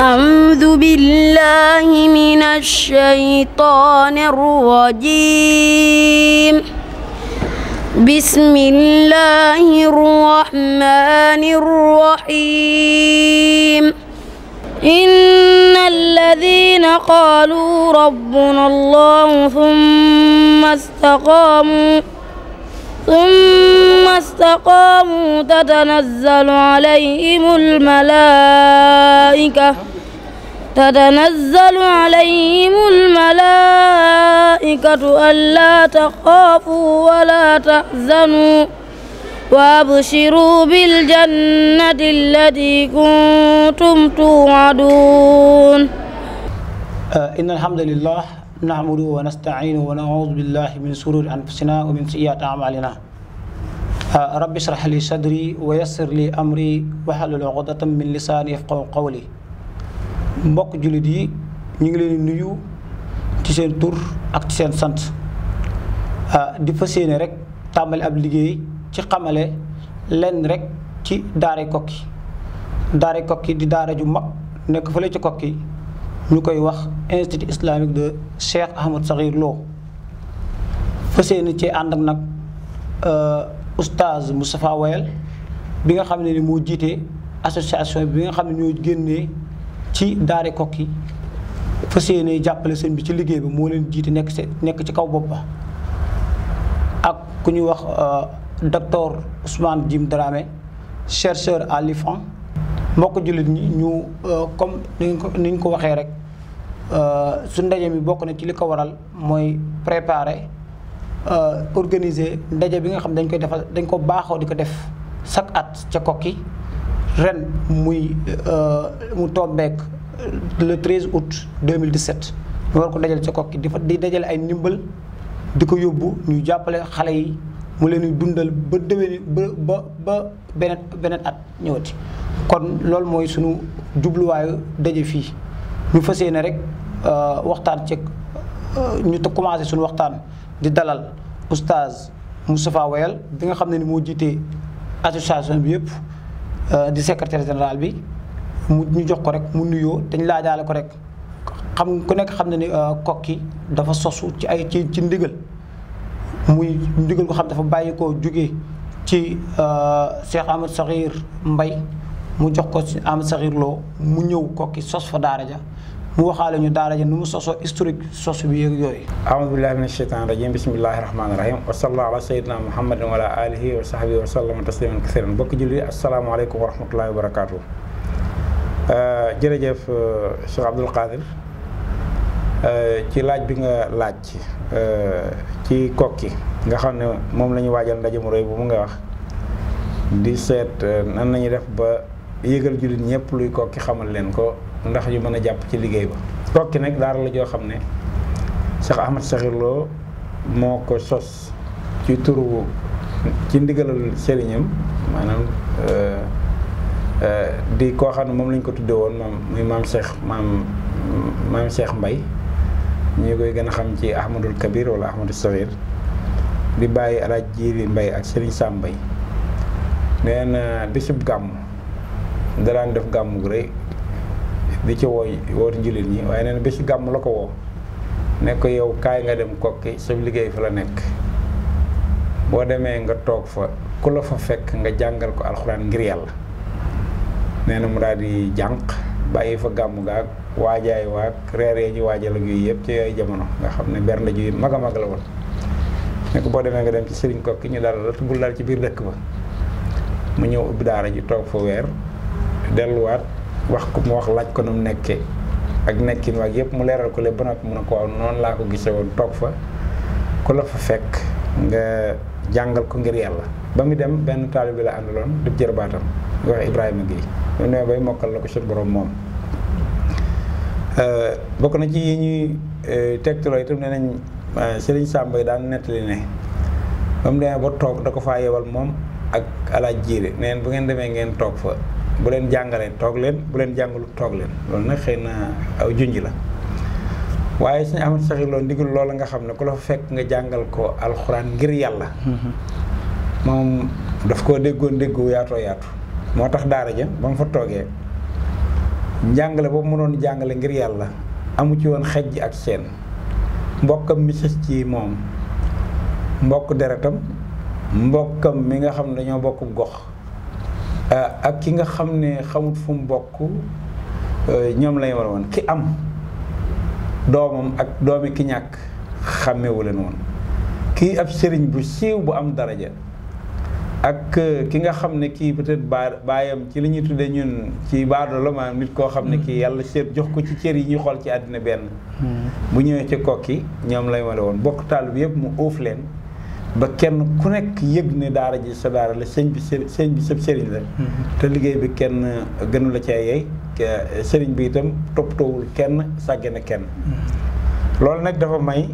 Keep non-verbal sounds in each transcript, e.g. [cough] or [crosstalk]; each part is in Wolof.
أعوذ بالله من الشيطان الرجيم بسم الله الرحمن الرحيم إن الذين قالوا ربنا الله ثم استقاموا ثم استقاموا تتنزل عليهم الملائكة تتنزل عليهم الملائكة ألا تخافوا ولا تحزنوا وابشروا بالجنة التي كنتم توعدون إن الحمد لله نحمده ونستعينه ونعوذ بالله من شرور أنفسنا ومن سيئات أعمالنا رب اشرح لي صدري ويسر لي أمري واحلل عقدة من لساني يفقهوا قولي mbokk jullit yi ñu ngi leen nuyu ci seen tur ak ci seen sant ah, di fas yéene rek tàmbali ab liggéey ci xamale lenn rek ci daare kokki daare kokki di daara ju mag nekk fële ci kokki ñu koy wax institut islamique de Cheikh Ahmad Sakhir Lo fas yéene ci ànd ak nag euh, oustaz Moustapha Wayel bi nga xam ne ni moo jiite association bi nga xam ne ñoo génne ci daare kokki fas yéene jàppale sëñ bi ci liggéey bi moo leen jiite nekk ci nekk ci kaw bopp ba ak ku ñuy wax euh, docteur Ousmane Jim Dramé chercheur à l'IFAN mbokk jullit ñi ñu euh, comme ni ko ni ñu ko waxee rek euh, su ndaje mi bokk na ci li ko waral mooy préparer euh, organiser ndaje bi nga xam dañ koy defal dañ ko baaxoo di ko def chaque at ca kokki ren muy mu tombeek le 13 août 2017 ñu war ko dajale ca kokki di fa di dajale ay ndimbal di ko yóbbu ñu jàppale xale yi mu leen dundal ba déwén ba ba beneen beneen at ñëwati. kon loolu mooy sunu jubluwaayu daje fii ñu fas yéene rek euh, waxtaan ci euh, ñu te commencé suñu waxtaan di dalal oustaz Moustapha Wayal bi nga xam ne ni moo jiitee association bi yëpp euh, di secrétaire général bi mu ñu jox ko rek mu nuyoo dañ laajaale ko rek xam ku nekk xam ne ni kokki dafa sosu ci ay ci ci ndigal muy ndigal ko xam dafa bàyyi koo jóge ci Cheikh Ahmed mbay mu jox ko am saxir mu ñëw kokki sos fa daara ja mu waxaale ñu daara ja nu mu sosoo historique sos bi yëg yooyu aoudubillahi min asheytan rajim bismillahi rahmaani rahim wa sallallahu ala sayyidina muhammadin wa ala alihi wa sahbihi wa sallama tasliman kasiran julli asalaamaaleykum wa rahmatullahi wa barakatuh euh, jërëjëf euh, Cheikh Abdoul euh, ci laaj bi nga laaj ci kokki nga xam ne moom la ñu waajal ndaje mu réy bu mu nga wax di seet nan nañu def ba yëgal jullit ñëpp luy kokki xamal leen ko ndax ñu mën a jàpp ci liggéey ba kokki nag daara la joo xam ne sax Ahmad Sakhir Lo moo ko sos ci turu ci ndigalal sëriñam maanaam euh, euh, di koo xam ne moom lañ ko tuddee woon maam muy maam Cheikh maam maam Cheikh Mbay ñu koy gën a xam ci Ahmadul Kabir wala Ahmadul Sakhir di bàyyi alaaj jiiri mbay ak sëriñ Sam Mbay nee na bisub gàmm daraan def gàmm gu rëy di ci wooy woote jullit ñi waaye nee na bi ci gàmm la ko woo ne ko yow kaay nga dem kokki sa liggéey fa la nekk boo demee nga toog fa ku fekk nga jàngal ko alxuraan ngir yàlla nee na mu daal di jànq bàyyi fa gàmm gaag waajaay waag reer ñu waajal ak yëpp ci yooyu jamono nga xam ne bernde ju mag a mag la woon boo demee nga dem ci sëriñ kokki ñu dara la tuggul ci biir dëkk ba ñëw ubbi ji toog fa weer delluwaat wax ko mu wax laaj ko nu mu nekkee ak nekkin waag yëpp mu leeral ko lépp ba noppi mun ne ko waaw noonu laa ko gise woon toog fa ku la fa fekk nga jàngal ko ngir yàlla. ba mu dem benn bi la àndaloon di jërbaatam di wax Ibrahima gi ñu ne bay mokkal la ko suñu borom moom. Euh, bokk na ci yi euh, itam nee nañ euh, Serigne Samba daan nettali ne ba mu demee ba toog da ko faa yebal moom ak alaaj jiire neen bu ngeen demee ngeen toog fa. bu leen jàngalee toog leen bu leen jàngalu toog leen loolu nag xëy na aw junj la waaye suñu amat saxir loolu ndigal loola nga xam ne ku la fa fekk nga jàngal ko alxuraan ngir yàlla mm-hmm. moom daf koo déggoon déggu yaatoo yaatu moo tax daara ja ba mu fa toogee njàngale boobu mënoon jàngale ngir yàlla amu ci woon xejj ak seen mbokkam mi sës ci moom mbokk deretam mbokkam mi nga xam ne dañoo bokk gox Euh, ak ki nga xam ne xamut fu mu bokk euh, ñoom lay war woon ki am doomam ak doomi ki ñàkk xàmmewu leen woon kii ab sëriñ bu siiw bu am daraja ak euh, ki nga xam ne kii peut-être baa baayam ci li ñuy tuddee ñun ci baado la nit koo xam ne mm. kii yàlla seet jox ko ci cër yi ñuy xool ci àddina benn mm. bu ñëwee ci kokki ñoom lay wala woon bokk taal bi yëpp mu uuf leen ba kenn ku nekk yëg ne daara ji sa daara la sëñ bi sëñ bi sëb sëriñ la mm-hmm. te liggéey bi kenn uh, gënu la cee yey uh, sëriñ bi itam toppatoowul kenn sàgge kenn mm-hmm. loolu nag dafa may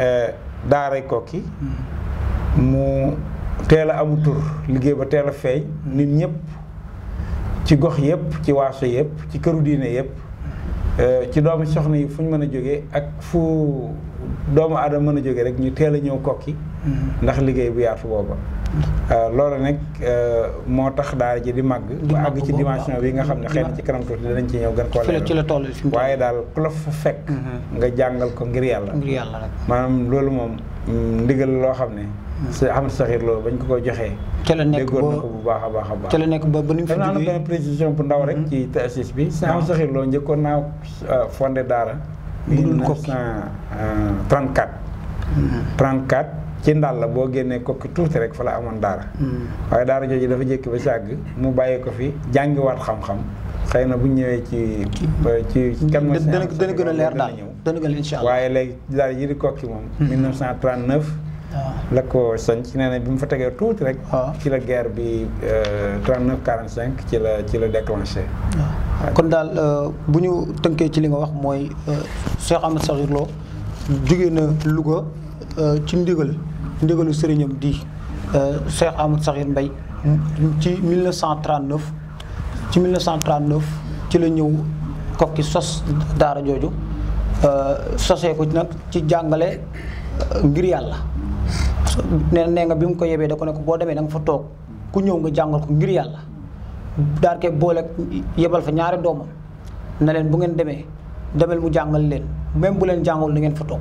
uh, daaray kokki mm-hmm. mu teel a amu tur liggéey ba teel a feeñ nit ñëpp ci gox yëpp ci waaso yëpp ci këru diine yëpp ci doomu soxna yi fu ñu mën a jógee ak fu doomu aadama mën a jóge rek ñu teel a ñëw kokki Mm-hmm. ndax liggéey bu yaatu booba euh, loolu nag euh, moo tax daara ji di màgg ba àgg ci dimension bi nga xam ne xëy ci kanam tuuti dinañ ci ñëw gën koo leer ci la toll waaye daal ku la fa fekk mm-hmm. nga jàngal ko ngir yàlla ngir yàlla rek maanaam loolu moom mm, ndigal loo xam ne mm-hmm. si Ahmed Sakhir Lo bañ ko ko joxee ca la nekk ba déggoon na ko bu baax a baax a ca la nekk ba ba nu mu fi jógee bu ndaw rek ci thésis bi si Ahmed Sakhir Lo njëkkoon naa euh, fondé daara 1934 34 ci ndàll la boo génnee kokki tuuti rek fa la amoon daara hmm. waaye daara jooju dafa jékki ba si àgg mu bàyyi ko fi jàngiwaat xam-xam xëy na bu ñëwee ci ci hmm. kan mooy dana gën a leer daal dana gën a incha waaye léegi daara ji di kokki moom 1939 hmm. ah. la ko sanc nee na bi mu fa tegee tuuti rek ah. ci la guerre bi 39 euh, 45 ci la ci la déclenché ah. kon daal euh, bu ñu tënkee ci li nga wax mooy euh, Cheikh Ahmed Sakhir jóge na Louga ci ndigal ndigalu sëriñam di euh, Cheikh sax Sakhir Mbaye ci 1939 ci 1939 ci la ñëw kokki sos daara jooju euh, sosee ko nag ci jàngale euh, ngir yàlla nee neenga bi mu ko yebee da ko ne boo demee da nga fa toog ku ñëw nga jàngal ko ngir yàlla daar ke boole yebal fa ñaari doomam ne leen bu ngeen demee demel mu jàngal leen même bu leen jàngal da ngeen fa toog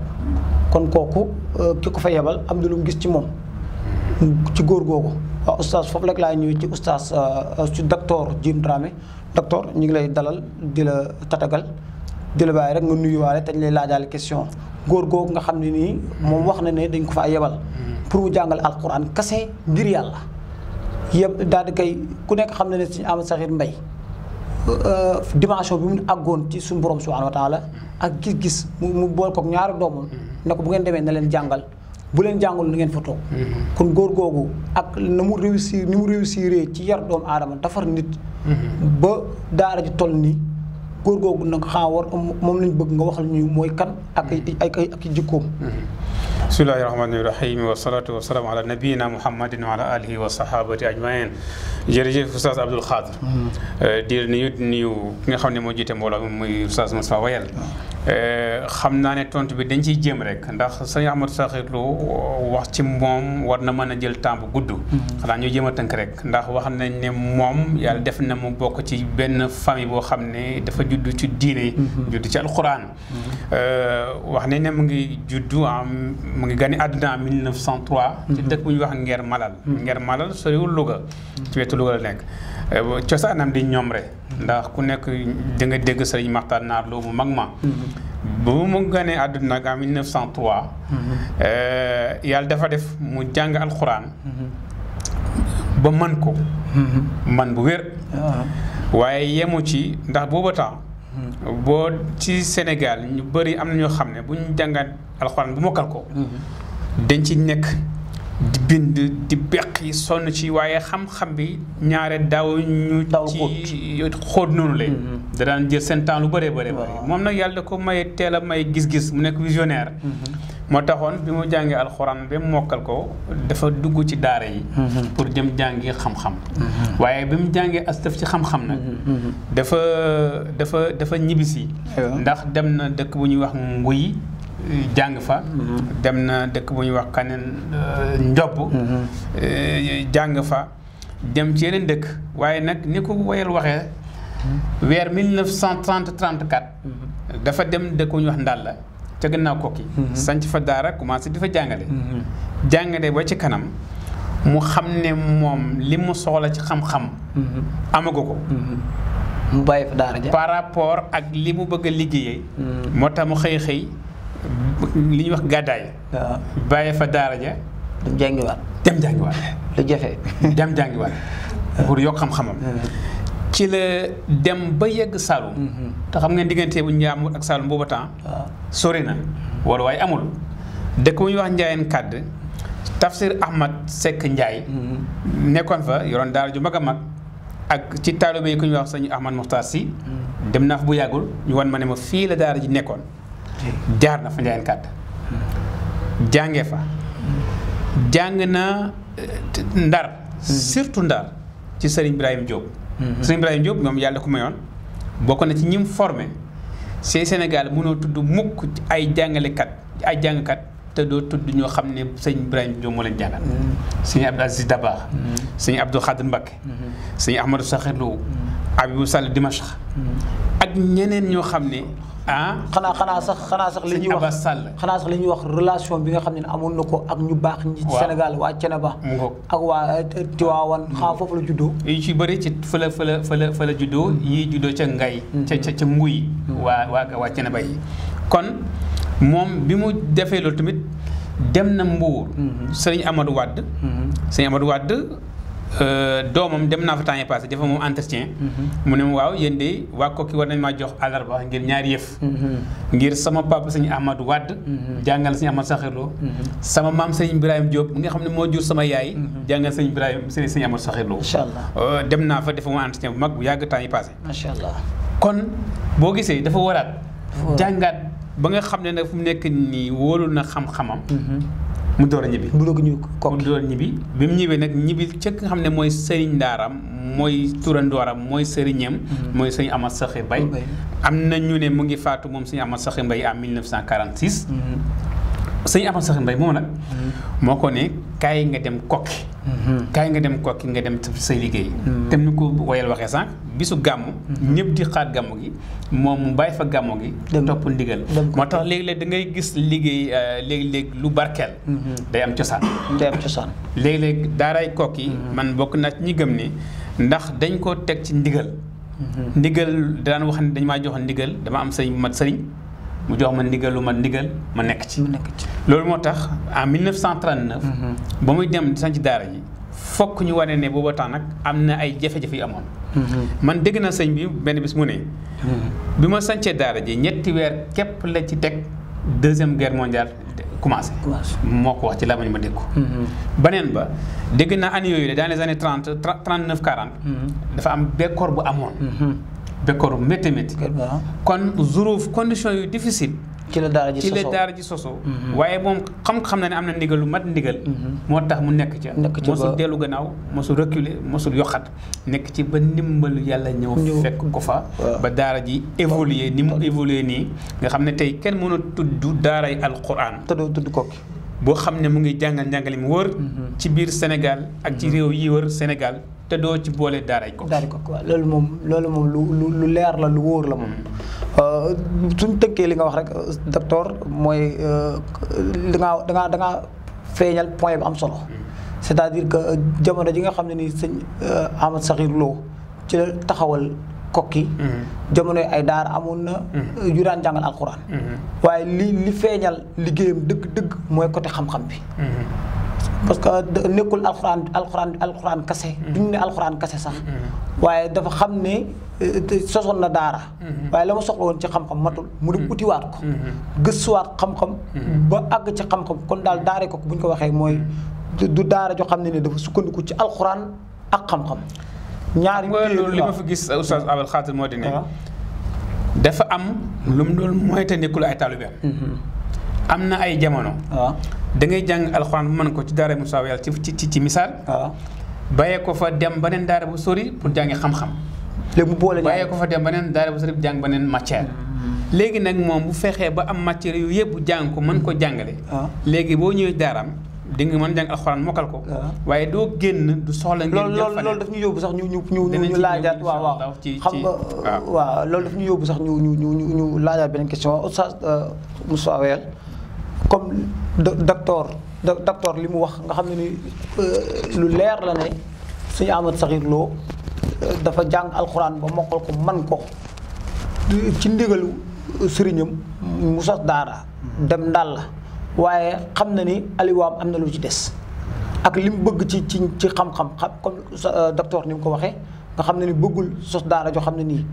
kon kooku euh, ki ko fa yebal am na lu mu gis ci moom ci góor googu waaw oustaz foofu laa ñëwee ci oustaz ci euh, docteur Jim Dramé docteur ñu ngi lay dalal di tatagal di rek nga nuyuwaale te lay laajaale question góor nga xam ne nii moom wax na ne dañ ko faa yebal. pour mu jàngal alquran kase ngir yàlla. yëpp daal di ku nekk xam na ne suñu Ahmed Sakhir Mbaye euh, dimension àggoon ci suñu borom subhanahu wa taala ak gis-gis mu bool koog ñaari doomam. na ko bu ngeen demee na leen jàngal bu leen jàngal lu ngeen fa toog kon góor googu ak na mu réussir ni mu réussir ci yar doom aadama defar nit ba daara ji toll nii góor googu nag xaa war moom lañ bëgg nga waxal ñu mooy kan ak ak ak jikkoom bismillahi rahmaani rahim wasalaatu wasalaamu ala nabiyina muhammadin wa ala alihi wa sahabati ajmain jërëjëf oustaz abdoul xaadir mm-hmm. di nuyu nuyu ki nga xam ne moo jiite mbooloo muy oustaz Moussa Wayal xam naa ne tontu bi dañ ciy jéem rek ndax sëñ Ahmadou Sakhir Lo wax ci moom war na mën a jël temps bu gudd. Mm-hmm. xanaa ñu jéem a tënk rek ndax wax nañ ne moom yàlla def na mu bokk ci benn famille boo xam ne dafa judd ci diine. Mm-hmm. judd ci alxuraan. Mm-hmm. Euh, wax nañ ne mu ngi juddu am mu ngi gane àdduna en 1903. ci dëkk bu ñuy wax Ngeer Malal. Ngeer Malal soriwul Louga. ci wetu Louga la nekk. Eh, cosaanam di ñoom rek ndax ku nekk da dégg sëriñ Maxtaar Naar Lo mag ma bu mu ganee àdduna en 1903 eh, yàlla dafa def mu jàng alxuraan ba man ko man bu wér waaye yemu ci ndax booba temps boo ci Sénégal ñu bëri am na ñoo xam ne bu ñu jàngaat alxuraan bu mokkal ko dañ ci nekk di bind di beq yi sonn ci waaye xam-xam bi ñaare daaw ñu ci xóot noonu lay mm-hmm. da daan jël seen temps lu bëree bëree bëri moom nag yàlla da ko may teel a may gis-gis mu nekk visionnaire mm-hmm. moo taxoon bi mu jàngee alxuraan ba mokkal ko dafa dugg ci daara yi mm-hmm. pour dem jàngi xam-xam waaye bi mu jàngee astaf ci xam-xam nag dafa dafa dafa ñibbisi ndax dem na dëkk bu ñuy wax nguy jàng fa mhm. dem na dëkk bu ñuy wax kaneen euh, njopp mhm. euh, jàng fa dem ci yeneen dëkk waaye nag ni ko woyal waxee weer 1930 34 mhm. dafa dem dëkk bu ñuy wax ndàlla ca gannaaw kokki sanc fa daara commencé di fa jàngale jàngale ba ci kanam mu xam ne moom li mu soxla ci xam-xam amagu ko mu bàyyi fa daara ja par rapport ak li mu bëgg a liggéeyee moo tax mu xëy xëy li ñuy wax gàddaay. waaw fa daara ja. dem jàngiwaat. dem jàngiwaat. lu jafe. dem jàngiwaat. pour yokk xam-xamam. Hmm. ci la dem ba yegg Saloum. Hmm. te xam ngeen diggante bu Njaambur ak Saloum booba temps. sori na wala waaye amul. dëkk bu ñuy wax Njaayeen kàdd Tafsir Ahmad sekk Ndiaye. Hmm. nekkoon fa yoroon daara ju mag a mag. ak ci taalibe yi ku ñuy wax sëñ Ahmad Muxtaar Si. dem naa fa bu yàggul ñu wan ma ne ma fii la daara ji nekkoon. jaar na fa Ndiayène Kadd jànge fa jàng na eh, ndar surtout ndar ci Serigne Ibrahim Diop. Mm-hmm. Serigne Ibrahim Diop moom yàlla ku mayoon bokk na ci ñim formé ci Sénégal mënoo tudd mukk ay jàngalekat ay jàngkat te doo tudd ñoo xam ne sëñ Ibrahim Diop moo leen jàngal. Mm-hmm. sëñ Abdou Aziz Dabakh. Mm-hmm. sëñ Abdou Khadir Mbacké. sëñ Ahmadou Sakhir Lo. Abibou Sall ak ñeneen ñoo xam ne. ah xanaa xanaa sax xanaa sax li ñuy wax xanaa sax li ñuy wax relation bi nga xam ne amoon na ko ak ñu baax ñi Sénégal waa Ceneba ak waa euh, euh, Tiwaawan mm. xaa foofu la juddoo yi ci bëri ci fëla fëla fëla fëla juddoo mm. yi juddoo ca Ngay mm. ca ca ca Nguy waa waa waa Ceneba yi kon moom bi mu defee loolu tamit dem na Mbuur mm-hmm. sëriñ Amadou Wade mm-hmm. sëriñ Amadou Wade Euh, doomam dem naa fa temps yi passé dafa moom entretien mhm. mu ne ma waaw yéen de waa kokki war nañ maa jox àllarba ngir ñaari yëf mhm. ngir sama papa sëñ Ahmadou Wade mhm. jàngal sëñ Ahmadou Sakhirlo sama maam sëñ Ibrahima Diop mi nga xam ne moo jur sama yaay jàngal sëñ Ibrahima sëñ sëñ Ahmadou Sakhirlo inchallah euh, dem naa fa dafa moom entretien bu mag bu yàgg temps yi passé inchallah kon boo gisee dafa waraat jàngaat ba nga xam ne nag fu mu nekk nii wóolu na xam-xamam mu door a ñibbi mu doog ñu kokki mu door a ñibbi bi mu ñibbee nag ñibbi ca nga xam ne mooy sëriñ ndaaram mooy turandooram mooy sëriñam mm-hmm. mooy sëñ Amath Saxe Mbaye am na ñu ne mu ngi faatu moom am sëñ Amath Saxe Mbaye en 1946 sëñ Amadou sax Mbaye moom nag mm-hmm. moo ko ne kaay nga dem kokki mm-hmm. kaay nga dem kokki nga dem sa liggéey mm-hmm. te ni ko woyal waxee sànq bisu gàmm ñëpp di xaar gàmmu gi moom mu bàyyi fa gàmmu gi topp ndigal moo tax léegi-léeg da ngay gis liggéey euh, léegi-léeg lu barkeel day am cosaan [coughs] day am cosaan léegi-léeg daaray kokki man bokk naa ci ñi gëm ni ndax dañ ko teg ci ndigal ndigal daan wax ne dañ ma jox ndigal dama am sëñ mat sëriñ mu jox ma ndigal lu ma ndigal ma nekk ci. loolu moo tax en 1939. Mhm. ba muy dem sanc daara ji fokk ñu waree ne booba temps nag am na ay jafe-jafe yu amoon. Mhm. man dégg na sëñ bi benn bis mu ne. Mhm. bi ma sancee daara ji ñetti weer képp la ci teg deuxième guerre mondiale commencé. moo ko wax ci laa ma ma dégg ko. beneen ba dégg na année yooyu dans les années trente trente neuf quarante. dafa am bekkoor bu amoon. bekkoor métti métti kon zuruuf condition yu difficile ci la daara ji sosoo ci la daara ji sosoo mhm. waaye moom xam-xam na ne am na ndigal lu mat ndigal mhm. moo tax mu nekk ca mosul dellu gannaaw mosul reculer mosul yoxat nekk ci ba ndimbalu yàlla ñëw fekk ko fa ba daara ji évoluer ni mu évoluer nii nga xam ne tey kenn mën a tudd daaray alquran te doo tudd kokki boo xam ne mu ngi jàngal njàngale mu wër mhm. ci biir Sénégal ak ci réew yii wër Sénégal te doo ci boole daaray gox. daaray gox waaw loolu moom loolu moom lu lu leer la lu wóor la moom. Mm. Euh, suñ tëkkee li nga wax rek euh, docteur mooy euh, da ngaa da ngaa da ngaa feeñal point bu am solo. Mm. c'est-à-dire que jamono ji nga xam ne nii sëñ Ahmad Sakhir Lo ci la taxawal kokki mm. jamono ay daar amoon na. juraan daan jàngal alxuraan. Mm-hmm. waaye li li feeñal liggéeyam dëgg-dëgg mooy côté xam-xam bi. Mm-hmm. parce que nekkul alxuraan alxuraan alxuraan kase mm-hmm. duñ ne alxuraan kase sax mm-hmm. waaye dafa xam ne euh, sosoon na daara mm-hmm. waaye la ma soxla woon ci xam-xam matul mu uti utiwaat ko gëstuwaat xam-xam ba àgg ci xam-xam kon daal daare ko bu ñu ko waxee mooy du daara joo xam ne ne dafa sukkandiku ci alxuraan ak xam-xam ñaari loolu li ma gis euh, oustaz Abel Khatir moo di ah. dafa am lu mu doon moytandiku ay taalibeem am na ay jamono. Ah. da ngay jàng alxuraan bu mën ko ci daara Moussa Wayal ci ci ci misaal. Ah. bàyyee ko fa dem beneen daara bu sori pour jàngi xam-xam. léegi mu boole bàyyee ko fa dem beneen daara bu sori jàng beneen matière. Mm-hmm. léegi nag moom bu fexee ba am matière yu yëpp jàng ko mën ko jàngale. Ah. léegi boo ñëwee daaraam. di nga mën jàng alxuraan mokkal ko. waaye doo génn du soxla. ngeen jël fan loolu daf ñu yóbbu sax ñu ñu ñu ñu laajaat. waaw waaw xam nga waaw loolu daf ñu yóbbu sax ñu ñu ñu ñu laajaat beneen question oustaz euh, Moussa Wayal comme docteur docteur li mu wax nga xam ne ni euh, lu leer la ne suñu Ahmed Sakhir euh, dafa jàng alxuraan ba mokkal ko man ko ci ndigalu sëriñam mu sos daara dem ndaal la waaye xam na ni aliwaam am na lu ci des ak li mu bëgg ci ci ci xam-xam xam comme euh, docteur ni mu ko waxee nga xam ne ni bëggul sos daara joo xam ne nii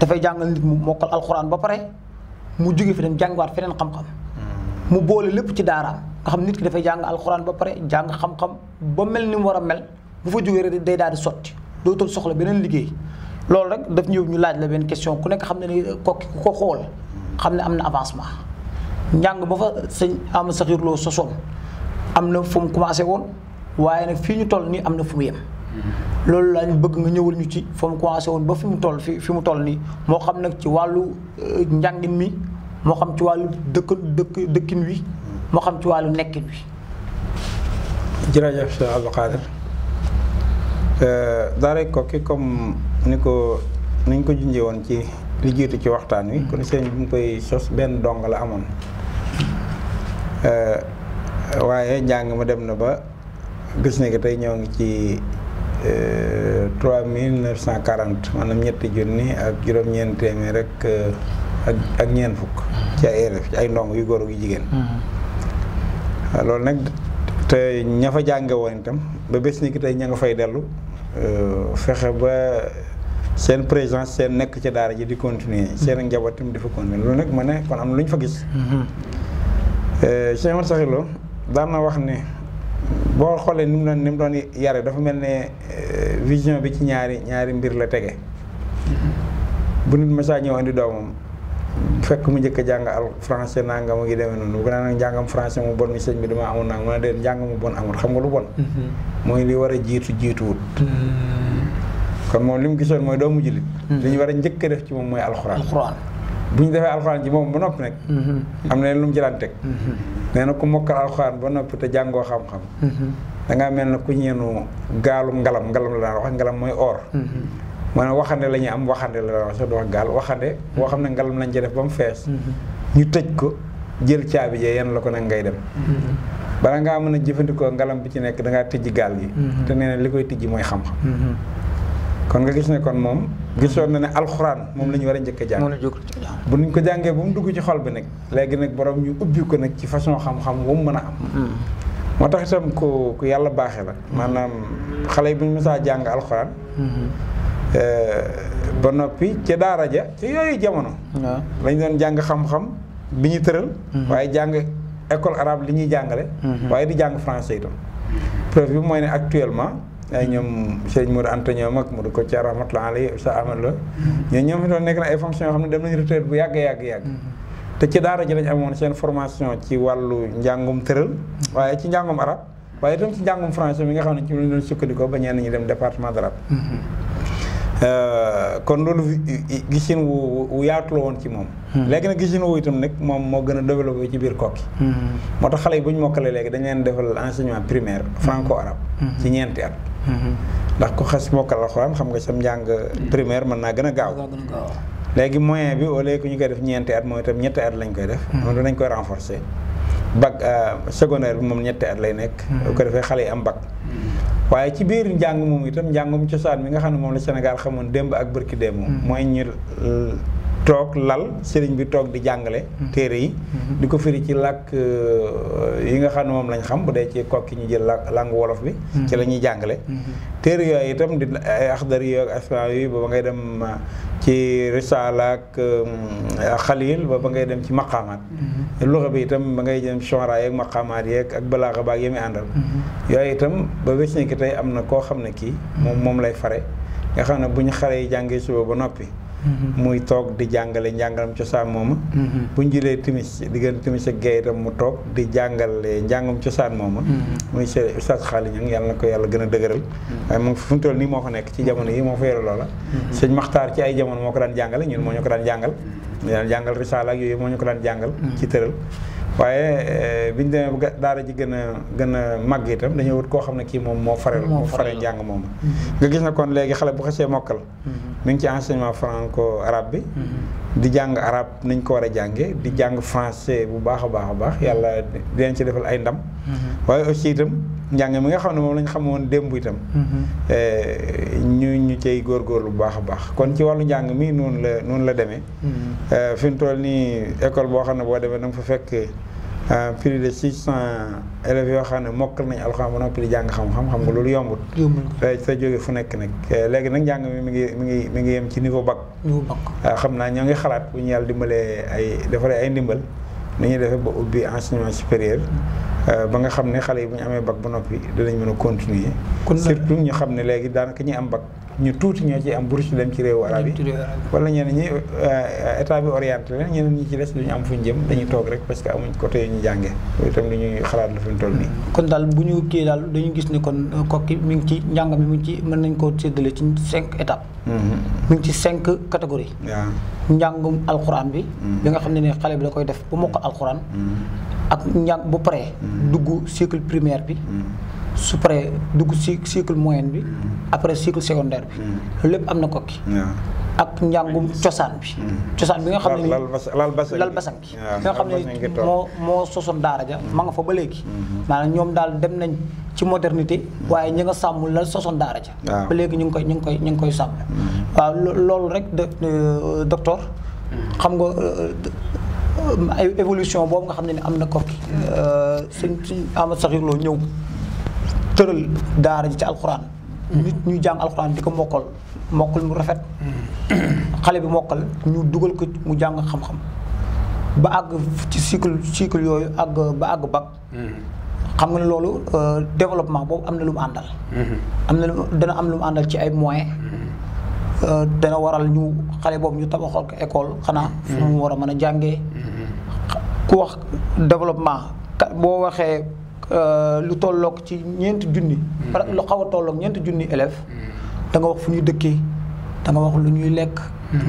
dafay jàngal nit mu mokkal alxuraan ba pare mu jóge fi dem jàngiwaat feneen xam-xam mu boole lépp ci daara nga xam nit ki dafay jàng alxuraan ba pare jàng xam-xam ba mel ni mu war a mel bu fa jógee rek day daal di sotti dootul soxla beneen liggéey loolu rek daf ñëw ñu laaj la benn question ku nekk xam ne ni kooku ku ko xool xam ne am na avancement. njàng ba fa sëñ am saxiir loo sosoon am na fu mu commencé woon waaye nag fii ñu toll nii am na fu mu yem. loolu lañ bëgg nga ñëwal ñu ci fa mu commencé woon ba fi mu toll fi fi mu toll nii moo xam nag ci wàllu euh, njàngin mi. moo xam ci wàllu dëkk dëkk dëkkin wi moo xam ci wàllu nekkin wi. jërëjëf Cheikh Abdou Khadir euh, daaray Koki comme ni ko ni ñu ko jinjee woon ci li ci waxtaan wi. kon sëñ bi ñu koy sos benn dong la amoon. Euh, waaye njàng ma dem na ba gis ne que tey ñoo ngi ci euh, trois mille neuf cent quarante maanaam ñetti junni ak juróom-ñeent rek. ak ak ñeent fukk ci ay élèves ci ay ndong yu goro ak jigéen mm-hmm. loolu nag te ña fa jànge woon itam ba bés ni ki tey ña nga fay dellu euh, fexe ba seen présence seen nekk ci daara ji di continuer mm-hmm. seen njaboot itam di fa continuer loolu nag ma ne kon am na lu ñu fa gis mm-hmm. euh, Cheikh Omar Sakhir Lo daan wax ne boo xoolee ni mu doon ni doon yare dafa mel ne euh, vision bi ci ñaari ñaari mbir la tege bu nit masaa ñëw andi doomam fekk mu njëkk a jàng al français nanga mu ngi demee noonu bu ko naan njàngam français mu bon mi sëñ bi dama amul nanga mu ne deen njàng mu bon amul xam nga lu bon mhm. mooy li war a jiitu jiituwut mhm. kon moom li mu gisoon mooy doomu jullit mhm. li ñu war a njëkk a def ci moom mooy alxuraan bu ñu defee alxuraan ji moom ba noppi nag am na lu mu ci daan teg nee na ku mokkal alxuraan ba nopp te jàngoo xam-xam dangaa mel na ku ñeenu gaalum ngalam ngalam la daan wax mooy maanaam waxande la am waxande la wax sax du wax gaal waxande boo xam ne ngalam lañ ca def ba mu fees mm-hmm. ñu tëj ko jël caabi jee yan la ko nag ngay dem mm-hmm. balaa ngaa mën a jëfandikoo ngalam bi ci nekk dangaa tijji gaal gi mm-hmm. te nee li koy tijji mooy xam-xam kon nga gis ne kon moom gisoon na ne alxuraan moom la ñu war a njëkk a jàng bu nuñ ko jàngee ba mu dugg ci xol bi nag léegi nag borom ñu ubbi ko nag ci façon xam-xam wu mu mën a am moo tax itam ku ku yàlla baaxee la maanaam xale yi bu ñu mësaa jàng alxuraan Euh, ba noppi ca daara ja ca yooyu jamono. lañ doon jàng xam-xam bi ñu tëral. Mhm. waaye jàng école arabe li ñuy jàngale. Mhm. waaye di jàng français itam. preuve bi mooy ne actuellement. ay ñoom Serigne Modou Anta ñoom ak Modou ko ca rahmatullah alayhi sa amal la ñoo ñoom fi doon ay fonction yoo xam ne dem nañu retraite bu yàgg yàgg yàgg mhm. te ci daara ji seen formation ci wàllu njàngum tëral waaye ci njàngum arab waaye itam ci njàngum français mi nga xam ne ci lañ doon sukkandikoo ba ñenn ñi dem département d'arabe Euh, kon loolu gisin wu wu yaatu woon ci moom. Hmm. léegi nag gisin wu itam nag moom moo gën a développé ci biir kokki hmm. moo tax xale yi bu ñu mokkalee léegi dañ leen defal enseignement primaire hmm. franco arabe. ci ñeenti at. ndax ko xas mokkal alxuraan xam nga sam njàng primaire mën naa gën a gaaw. léegi moyen bi au lieu que ñu koy def ñeenti at mooy itam ñetti at lañ koy def. moom nañ koy renforcer. bac euh, secondaire bi moom ñettee at lay nekk. bu hmm. ko defee xale yi am bac. Hmm. waaye ci biir njàng moom itam njàngum cosaan mi nga xam ne moom la Sénégal xamoon démb ak bërki démb. Hmm. mooy ñu toog lal sëriñ bi toog di jàngale mm-hmm. téere yi mm-hmm. di ko firi ci làkk euh, yi nga xam ne moom lañ xam bu dee ci kokki ñu jël làngu wolof bi mm-hmm. ci la ñuy jàngale téere yooyu itam di ay axdar yooyu ak asma yi ba ngay dem euh, ci risaala ak euh, xalil ba ba ngay dem ci maqaamaat luxa bi itam ba ngay dem chonra yeeg maqaamaat yeeg ak balaaxa baag yeme muy àndal yooyu itam ba wécc ni tey am na koo xam ne kii moom moom lay fare nga xam ne bu ñu xare yi jàngee suba ba noppi Mm-hmm. muy toog di jàngale njàngalam cosaan moomu. Mm-hmm. bu ñu jëlee timis diggante timis ak gay mu toog di jàngale njàngam cosaan moomu. Mm-hmm. muy seen Oustaz Xaali Ñang yàlla na ko yàlla gën a dëgëral. waaye mu fu mu toll nii moo fa nekk ci jamono yi moo fa yore loola. sëñ Maxtaar ci ay jamono moo ko daan jàngale ñun moo ñu ko daan jàngal. daan jàngal risaala ak yooyu moo ñu ko daan jàngal. ci tëral. waaye eh, bi ñu demee ba a ji gën a gën a màgg itam dañoo wut koo xam ne kii moom moo fare moo fare njàng moom mm-hmm. nga gis na kon léegi xale bu xasee mokkal mu mm-hmm. ngi ci enseignement franco arabe bi mm-hmm. di jàng arabe nañ ko war a jànge di jàng français bu baax a baax a baax yàlla dinañ ci defal ay ndam waaye aussi itam njàng mi nga xam ne moom lañ xamoon démb itam eh, ñu ñu góor góorgóorlu bu baax a baax kon ci wàllu njàng mi noonu la noonu la demee eh, fi mu toll nii école boo xam ne boo demee da nga fekk plus euh, de six cent élèves yoo xam ne mokkal nañ alxuraan ba noppi di jàng xam-xam xam nga loolu yombut. yombut sa jóge fu nekk nag euh, léegi nag njàng mi mi ngi mi ngi mi ngi yem ci niveau bac. niveau euh, xam naa ñoo ngi xalaat bu ñu yàlla dimbalee ay defaree ay ndimbal. ni ñuy ba ubbi enseignement supérieur euh, ba nga xam ne xale yi bu ñu amee bag ba noppi dinañ mën a continuer. surtout ñu xam ne léegi daanaka ñi am bac ñu tuuti ñoo ci am bourse dem ci réewu arab yi. wala ñeneen ñi euh, état bi orienté leen ñeneen ñi ci des duñu am fuñ jëm dañuy toog rek parce que amuñ côté yu ñu jàngee loolu itam li xalaat la fi mu nii. kon daal bu ñu kii daal dañu gis ni kon euh, kokki mu ngi ci njàng mi mu ci mën nañ koo séddale ci cinq étapes. mu ngi ci cinq catégories. njàngum alxuraan bi. Mm-hmm. bi nga xam ne ne xale bi da koy def bu mokk alxuraan. Mm-hmm. ak njàng bu paree. Mm-hmm. dugg cycle primaire bi. su paree dugg cycle moyenne bi. après cycle secondaire bi. lépp am na kokki ak njàngum cosaan bi. Hmm. cosaan bi nga xam ne lal basang lal basang bi nga xam ne moo moo sosoon daara ja ma nga fa ba léegi. Hmm. maanaam ñoom daal dem nañ ci modernité hmm. waaye ñi nga sàmm lal sosoon daara ja léegi ñu ngi koy ñu ngi koy ñu ngi koy sàmm. waaw rek docteur xam nga. ay euh, euh, évolution boobu nga xam ne am na ko euh, suñ suñ Amadou Sakhir ñëw tëral daara ji ci alxuraan. ñu jàng alxuraan di ko mokkal mokkal mu rafet mm. xale bi mokkal ñu dugal ko mu jàng xam-xam ba àgg ci cycle cycle yooyu àgg ba àgg bac mm. xam nga ne loolu euh, développement boobu am na lu mu àndal mm-hmm. am na lu dana am lu mu àndal ci ay moyen moyens mm-hmm. euh, dana waral ñu xale boobu ñu tabaxal ko école xanaa fu mu mm-hmm. war a mën a jàngee ku wax développement boo waxee euh, lu tolloog ci ñeenti junni lu xaw tollook ñeenti junni élèves da wax fu ñuy dëkkee da nga wax lu ñuy lekk.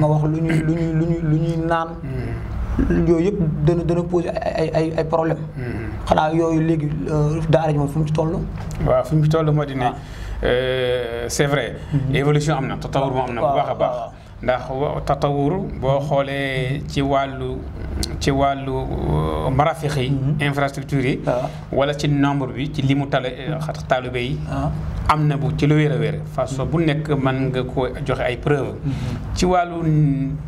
da wax lu ñuy lu ñuy lu ñuy lu ñuy naan. Mm-hmm. yooyu yëpp dana dana posé ay ay ay problème mm-hmm. xanaa yooyu léegi euh, daara ji moom fu mu ci toll. waaw fu mu ci toll moo dina ne. Ah. Euh, c'est vrai mm-hmm. évolution am na. waaw waaw am na bu baax a baax. ndax tatawur boo xoolee ci wàllu ci wàllu euh, marafix yi mhm. infrastructure yi ah. wala ci nombre bi ci li mu tale mhm. taalibe yi ah. am na bu ci lu wér a wér façon mhm. bu nekk mën nga ko joxe ay preuve ci wàllu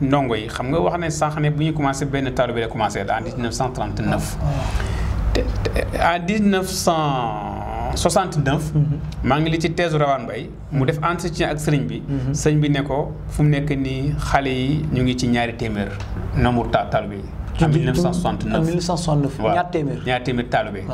ndongo yi xam nga wax ne sànq ne bu ñu commencé benn taalibe la commencé ah. en 1939 en 1900 69. Mhm. maa ngi li ci teesu rawaan bay mu def entretien ak sëriñ bi. Mhm. sëñ bi ne ko fu mu nekk nii xale yi ñu ngi ci ñaari téeméer. nombre ta taalibe yi. en 1969 en 1969. waaw ñaar téeméer ñaar téeméer taalibe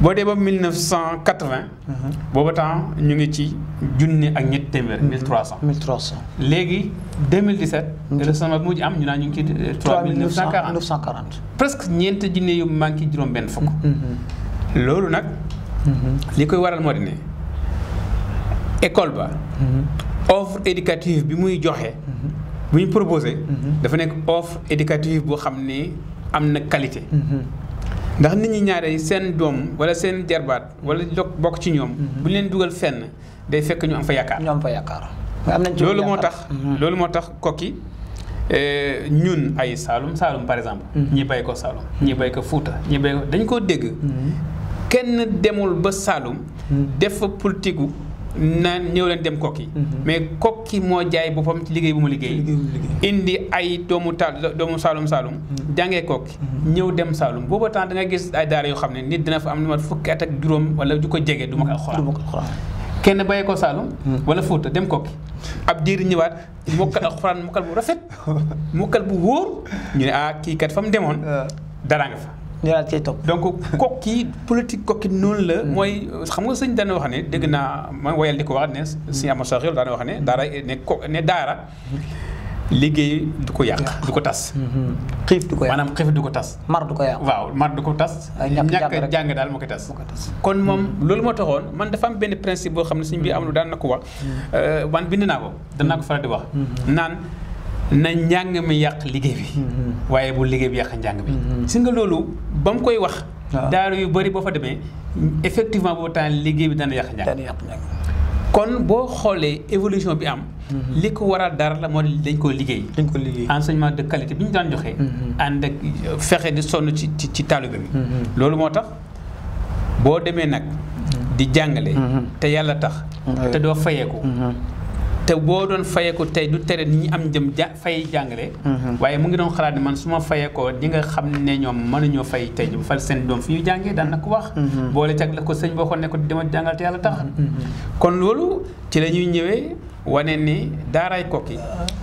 boo dee ba 1980. Mhm. booba temps ñu ngi ci junne ak ñetti téeméer 1300. 1300 léegi 2017. récemment mu ji am ñu naa ñu ngi ci 3940 presque ñeent junne yu manqué juróom-benn fukk. loolu nag. Mm-hmm. li koy waral moo di ne école ba mm-hmm. offre éducative bi muy joxe mm-hmm. bu ñu proposé dafa nekk offre éducative boo xam ne am na qualité ndax nit ñi ñaare seen doom wala seen jarbaat wala jok bokk ci ñoom bu leen dugal fenn day fekk ñu am fa yaakaar ñu am fa yaakaar loolu moo tax loolu moo tax kokki eh, ñun ay Saalum Saalum par exemple ñi bay ko Saalum ñi bay ko Fuuta ñi bay ko dañ koo dégg kenn demul ba Saloum. Hmm. def fa politique naan ñëw leen dem kokki hmm. mais kokki moo jaay boppam ci liggéey bu mu liggéey indi ay doomu taal doomu saalum saalum hmm. jànge kokki ñëw dem saalum booba temps da gis ay daara yoo xam ne nit dana fa am lu mat fukki at ak juróom wala du ko jege du ma ko alxuraan kenn bàyyi ko saalum wala Fuuta dem kokki ab diir ñëwaat mokkal [laughs] alxuraan mokkal bu rafet mokkal bu wóor ñu ne ah kii kat fa mu demoon [laughs] ah. dara nga fa ñu daal cay topp donc kokki politique kokki noonu la mm. mooy xam nga sëñ daan wax ne dégg naa ma woyal di ko wax ne sëñ Amadu Saxiir daan wax ne daara ne ko ne daara liggéey du ko yàq du ko tas mm-hmm. xiif du ko yàq maanaam xiif du ko tas mar du ko yàq waaw mar du ko tas ñàkk jàng daal moo koy tas kon moom mm-hmm. loolu moo taxoon man dafa am benn principe boo xam ne suñu bi am lu daan na ko wax mm-hmm. euh, man bind naa ko danaa ko faral di wax naan na njàng mi yàq liggéey bi mm-hmm. waaye bu liggéey bi yàq njàng bi mm-hmm. si nga loolu ba mu koy wax ah. daaru yu bëri boo fa demee effectivement boobu temps liggéey bi dana yàq njàng kon boo xoolee évolution bi am mm-hmm. li ko waral dara la moo dañ koo liggéey dañ ko liggéey enseignement de qualité bi ñu daan joxee ànd fexe di sonn ci ci taalibe bi loolu moo tax boo demee nag di jàngale te yàlla tax te doo fayeeku te boo doon ko tey du tere nit ñi am jëm ja fay jàngale. Mm-hmm. waaye mu ngi doon xalaat ne man su ma fayeekoo ñi nga xam ne ñoom mënuñoo fay tey bu fal seen doom fi ñu jàngee daan na ko wax. Mm-hmm. boole teg la ko sëñ boo ko nekk dama jàngal te yàlla tax. Mm-hmm. kon loolu ci la ñuy ñëwee. wane ni daaray kokki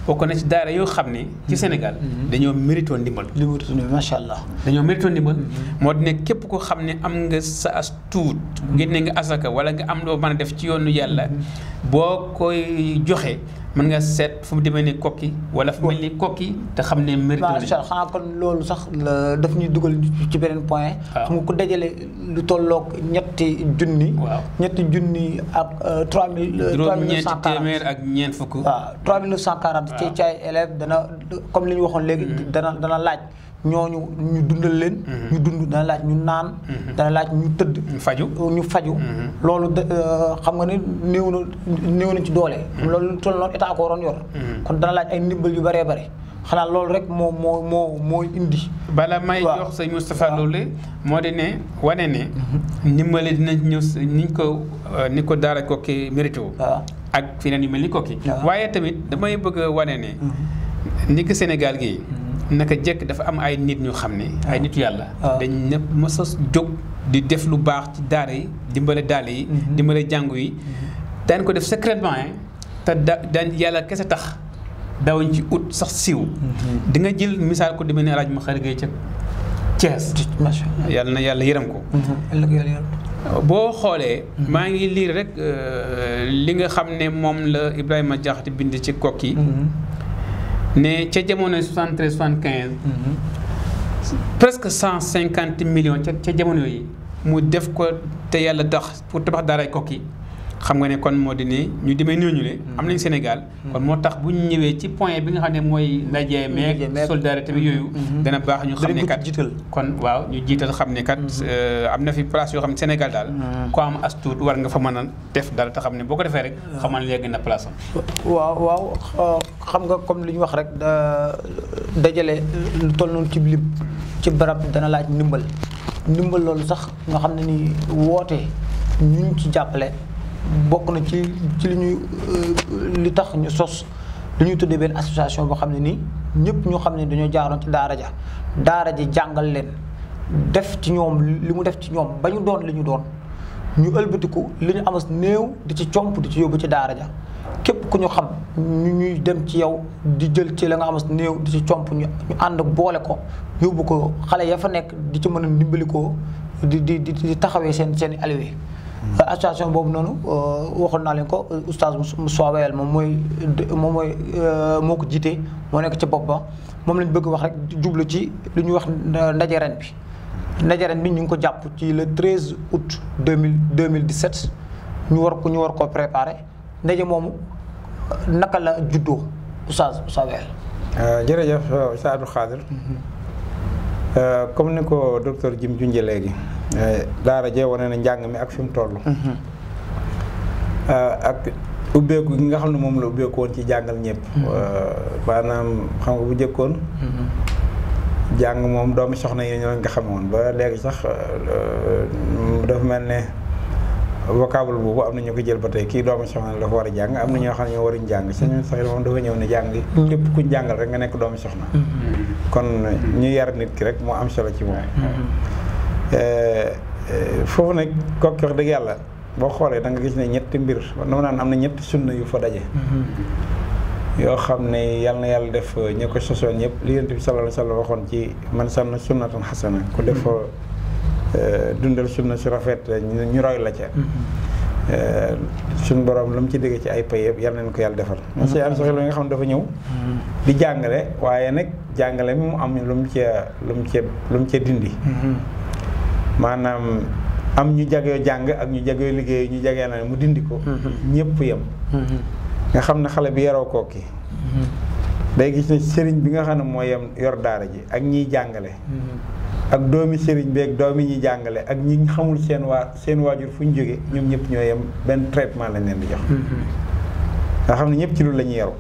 bokk na ci daara yoo xam ne ci Sénégal mhm. dañoo méritoon ndimbal macha allah dañoo méritoon ndimbal mhm. moo di ne képp ko xam ne am nga sa as tuut génne nga asaka wala nga am loo mën a def ci yoonu yàlla mhm. boo koy joxe mën nga seet fu mu demee ni kokki wala fu mel ni kokki te xam ne mérite la xanaa kon loolu sax daf ñuy dugal ci beneen point xam nga ko dajale lu tollook ñetti junni waaw ñetti junni ak euh, trois mille euh, trois mille neuf cent quarante téeméer ak ñeent fukk waaw trois mille neuf cent quarante ci ci ay élèves dana comme li ñu waxoon léegi mm-hmm. dana dana laaj ñooñu ñu dundal leen. Mhm. ñu dund dana laaj ñu naan. Mhm. dana laaj ñu tëdd. ñu faju euh, ñu faju. Mhm. loolu euh, xam nga ne néew néew nañ ci doole. loolu toll noonu état ko waroon yor. kon dana laaj ay ndimbal yu bëree bëri. xanaa loolu rek moo moo moo moo indi. bala may jox sëñ Moustapha Loulé moo di ne wane ne. ndimbali dinañ ñëw niñ ko euh, ni ko daara Koki mérité wu ak feneen yu mel ni Koki. waaye tamit damay bëgg a wane ne. ki Sénégal gii. naka jekk dafa am ay nit ñu xam ne ay ah. nitu yàlla ah. dañ ne mës a jóg di def lu baax ci daara yi dimbale daal yi mhm. dimbale jàngu yi mhm. daan ko def secrètement yi te da daan yàlla kese tax daawuñ ci ut sax siiw mhm. di nga jël misaal ko demee ne alaaj ma xarigéey ca Thiès yàlla na yàlla yërëm ko boo xoolee maa ngi liir rek euh, li nga xam ne moom la Ibrahima Diakhaté bind ci yi ne ca jamono jamonoy 73 75. presque cinquante millions ca ca jamono yi mu def ko te yàlla tax pour tabax daaray Koki. xam nga ne kon moo di ne ñu demee ñooñu le am nañ mm-hmm. Sénégal mm-hmm. kon moo tax bu ñu ñëwee ci point bi nga xam ne mooy ndaje meeg mm-hmm. solidarité bi yooyu dana baax ñu xam ne kat kon waaw ñu jiital xam ne kat euh, am na fi place yoo xam ne Sénégal daal ko am as war nga fa mën a def dara te xam ne boo ko defee rek xamal léegi na place waaw waaw euh, xam nga comme li ñu wax rek da dajale euh, lu toll noonu ci lim ci barab dana laaj ndimbal ndimbal loolu sax nga xam ne ni woote ñu ci jàppale bokk na ci ci li ñuy euh, li tax ñu sos li ñuy tuddee benn association boo xam ne nii ñëpp ñoo xam ne dañoo jaaroon ci daara ja daara ji jàngal leen def ci ñoom li mu def ci ñoom ba ñu doon li ñu doon ñu ëlbatiku li ñu amas néew di ci comp di ci yóbbu ci daara ja képp ku ñu xam ñu ñuy dem ci yow di jël ci la nga amas néew di ci comp ñu ànd boole ko yóbbu ko xale ya fa nekk di ci mën a ndimbalikoo di di di taxawee seen seen aliwe association boobu noonu euh, waxoon naa leen ko oustaz Moussa Wayel moom mooy moom mooy euh, moo ko jiite moo nekk ci bopp ba moom lañ bëgg wax rek jublu ci lu ñuy wax ndaje ren bi ndaje ren bi ñu ngi ko jàpp ci le 13 août 2000 2017 ñu war ko ñu war koo préparé ndaje moomu naka la juddoo oustaz Moussa Wayel. Euh, jërëjëf Oustaz Abdou Khadir mm-hmm. comme ni ko docteur Jim junjee léegi. Eh, daara jee wane na njàng mi ak fi mu toll. Mhm. Eh, ak ubbeeku gi nga xam ne moom la ubbeeku woon ci jàngal ñëpp. Mhm. Eh, maanaam xam nga bu njëkkoon. Mhm. jàng moom doomi soxna yi ñoo nga xam woon ba léegi sax dafa mel ne vocable boobu am na ñu ko jël ba tey kii doomi soxna dafa war a jàng am na ñoo xam ne ñoo waruñ jàng si ñun sax moom dafa ñëw ne jàng képp kuñ jàngal rek nga nekk doomi soxna. kon ñu yar nit ki rek moo am solo ci moom. Eh, eh, foofu nag kooku dëgg yàlla boo xoolee da gis ne ñetti mbir dama naan am na ñetti sunna yu fa daje. Mm-hmm. yoo xam ne yal na yàlla def eh, ñi ko sosoon ñëpp li yonent bi sallallahu alayhi waxoon ci man sànn sunnatan xasana ku def dundal sunna su rafet ñu roy la ca. Mm-hmm. sun borom lu mu ci dégg ci ay pay yëpp yàlla nañu ko yàlla defal. monsieur am soxla nga xam ne dafa ñëw. Mm-hmm. di jàngale waaye nag jàngale mi mu am lu mu cee lu mu cee lu mu cee dindi. maanaam am ñu jagoo jàng ak ñu jagoo liggéey ñu jagee na mu dindi ko. Mm-hmm. ñëpp yem. Mm-hmm. nga xam ne xale bi yaroo kooki. Mm-hmm. day gis ne sëriñ bi nga xam ne moo yem yor daara ji ak ñiy jàngale. ak doomi sëriñ bi ak doomi ñi jàngale ak ñi xamul seen waa seen waajur fu ñu jógee ñoom ñëpp ñoo yem benn traitement lañ leen di jox. nga xam ne ñëpp ci lu la ñuy yaru.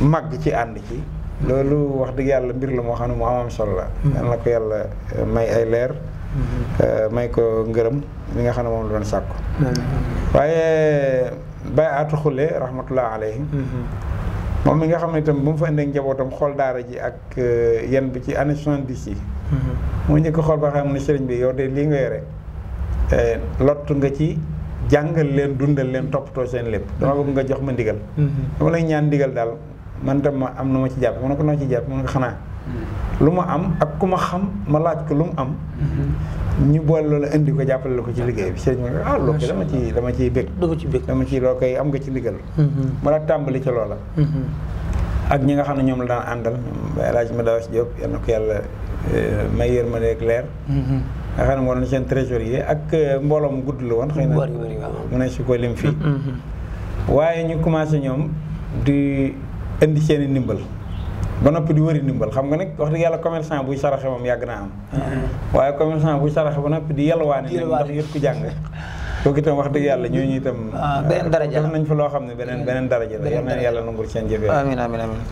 màgg ci ànd ci. loolu wax dëgg yàlla mbir la moo xam ne mu am am solo la. yal na ko yàlla may ay leer. Euh, may ko ngërëm li nga xam ne moom la doon sàkku waaye Baye Atou Khoule rahmatullah alayhi mm-hmm. moom mi nga xam ne itam bu mu fa indee njabootam xool daara ji ak euh, yenn bi ci année soixante-dix yi mm-hmm. mu njëkk xool ba xam ne sëriñ bi yow de lii nga yore euh, lott nga ci jàngal leen dundal leen toppatoo seen lépp dama bëgg nga jox ma ndigal mm-hmm. dama lay ñaan ndigal daal man tam ma am na ma ci jàpp mu ne ko noo ci jàpp mu ne xanaa lu ma am ak ku ma xam ma laaj ko lu mu am. Mm-hmm. ñu bool loolu indi ko jàppale la ko ci liggéey bi. sëriñ ma ah loolu dama ci dama ciy bëgg. dama ci bëgg dama ciy loo am nga ci ndigal. Mm-hmm. ma la tàmbali ca loola. Mm-hmm. ak ñi nga xam ne ñoom la daan àndal ñoom El Hadj Madawas ko yàlla eh, may yërmande ak leer. nga xam ne moo doon seen trésorier ak eh, mbooloo mu gudd la woon. xëy na mu ne su ko lim fii. waaye ñu commencé ñoom di indi seen i ndimbal. ba noppi di wëri ndimbal xam nga nag wax dëgg yàlla commerçant buy saraxe moom yàgg naa am mm-hmm. waaye commerçant buy saraxe ba noppi di yalwaane ndax yët ku jàng kooku wax dëgg yàlla ñooñu itam ah, beneen euh, daraja nañ fa loo xam ne beneen beneen daraja la yal na yàlla nangul seen jëfee amiin amiin amiin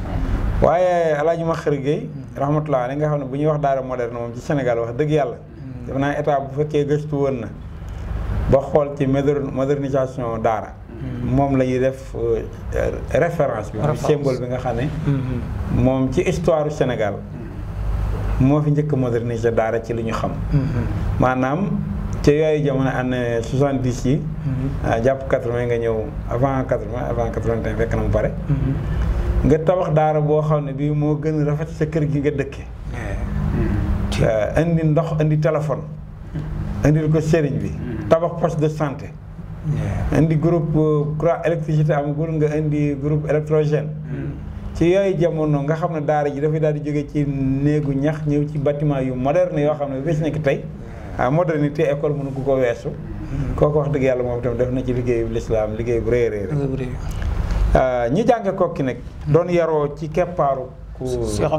waaye alaaji Maxar Gueye mm-hmm. rahmatullah ala nga xam ne bu ñuy wax daara moderne moom ci Sénégal wax dëgg yàlla mm-hmm. def naa état bu fekkee gëstu woon na ba xool ci modernisation daara moom la ñuy def euh, référence bi. symbole bi nga xam ne. Mm-hmm. moom ci histoire Sénégal. moo fi njëkk moderniser daara ci li ñu xam. Mm-hmm. maanaam ci yooyu jamono année soixante dix yi. Mm-hmm. Euh, jàpp quatre vingt nga ñëw avant quatre vingt avant quatre vingt un fekk na mu pare. nga tabax daara boo xam ne bii moo gën rafet sa kër gi nga dëkke euh, indi ndox indi téléphone. indil ko sëriñ bi. tabax poste de santé. indi groupe euh, courant électricité amagul nga indi groupe électrogène hmm. ci yooyu jamono nga xam ne daara ji dafay daal di jóge ci néegu ñax ñëw ci bâtiment yu moderne yoo xam ne ba fi nekk tey ah modernité école mënu ku ko weesu hmm. kooku wax dëgg yàlla moom itam def na ci liggéeyu lislaam liggéey bu rëy rëy ah, ñi jànge kokki nag hmm. doon yaroo ci keppaaru ku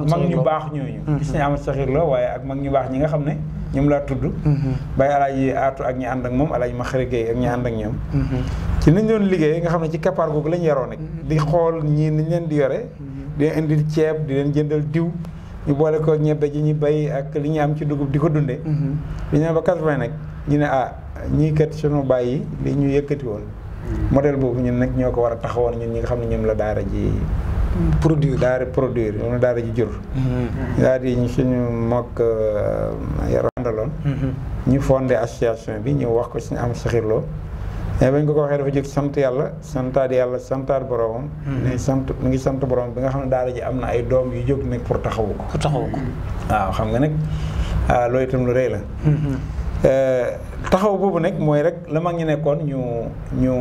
mag ñu baax ñooñu gis nañ amat saxir la waaye ak mag ñu baax ñi nga xam ne ñoom laa tudd. Mhm. bàyyi alaaji aatu ak ñi ànd ak moom alaaji ma xërëgee ak ñi ànd ak ñoom. Mhm. ci nañ doon liggéey nga xam ne ci kappaar googu lañ yaroo nag. Mhm. di xool ñii ni leen di yore. di leen indil ceeb di leen jëndal diw. ñu boole ko ñebe ji ñu bay ak li ñu am ci dugub di ko dundee. bi ñu ne ba quatre-vingt nag ñu ne ah ñii kat sunu bàyyi li ñu yëkkati woon. modèle boobu ñun nag ñoo ko war a taxawoon ñun ñi nga xam ne ñoom la daara ji. produire daal di produire moom daal di jur. daal di ñu suñu mokk euh, randaloon. Mm-hmm. ñu fondé association bi ñu wax ko suñu am saxirloo. mais bañ ko ko waxee dafa jóg sant yàlla santaat yàlla santaat boromam. ne mm-hmm. sant mu ngi sant boromam bi nga xam ne daara ji am na ay doom yu jóg nag pour taxawu ko. pour taxawu ko waaw xam nga nag ah, loolu itam lu rëy la. Mm-hmm. Euh, taxaw boobu nag mooy rek la mag ñu nekkoon ñu.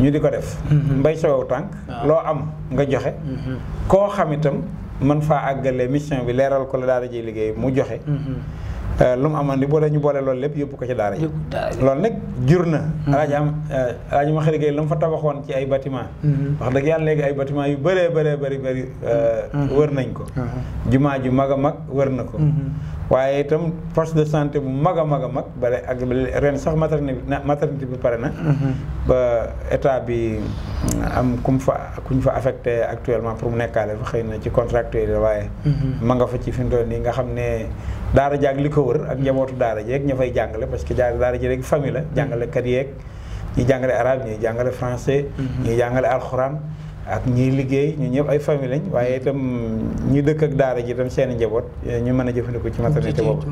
ñu di ko def. Mm-hmm. mbay sa tànk. Ah. loo am nga joxe. Mm-hmm. koo xam itam man faa àggale mission bi leeral ko la daara ji liggéey mu joxe. Mm-hmm. Euh, lu mu amoon di boole ñu boole loolu lépp yóbbu ko ci daara ji. loolu nag jur na. alaaji am euh, alaaji ma xëy la mu fa tabaxoon ci ay bâtiment wax dëgg yàlla léegi ay bâtiment yu bëree bëree bëri bëri. Euh, wër nañ ko. jumaa ju mag a mag wër na ko. waaye itam poste de santé bu mag a mag a mag bale ak ren sax maternité maternité bi pare na mhm. ba état bi am ku fa ku ñu fa affecté actuellement pour mu nekkaale fa xëy na ci contractuel la waaye mhm. ma nga fa ci fi mu toll nii nga xam ne daara jaag li ko wër ak njabootu daara jeeg ña fay jàngale parce que daara ji rek famille la mhm. jàngalekat yeeg ñi jàngale arabe ñuy jàngale français ñi jàngale alxuraan ak ñiy liggéey ñu ñëpp ay famille lañ waaye itam ñi dëkk ak daara ji itam seen njaboot ñu mën a jëfandikoo ci maternité boobu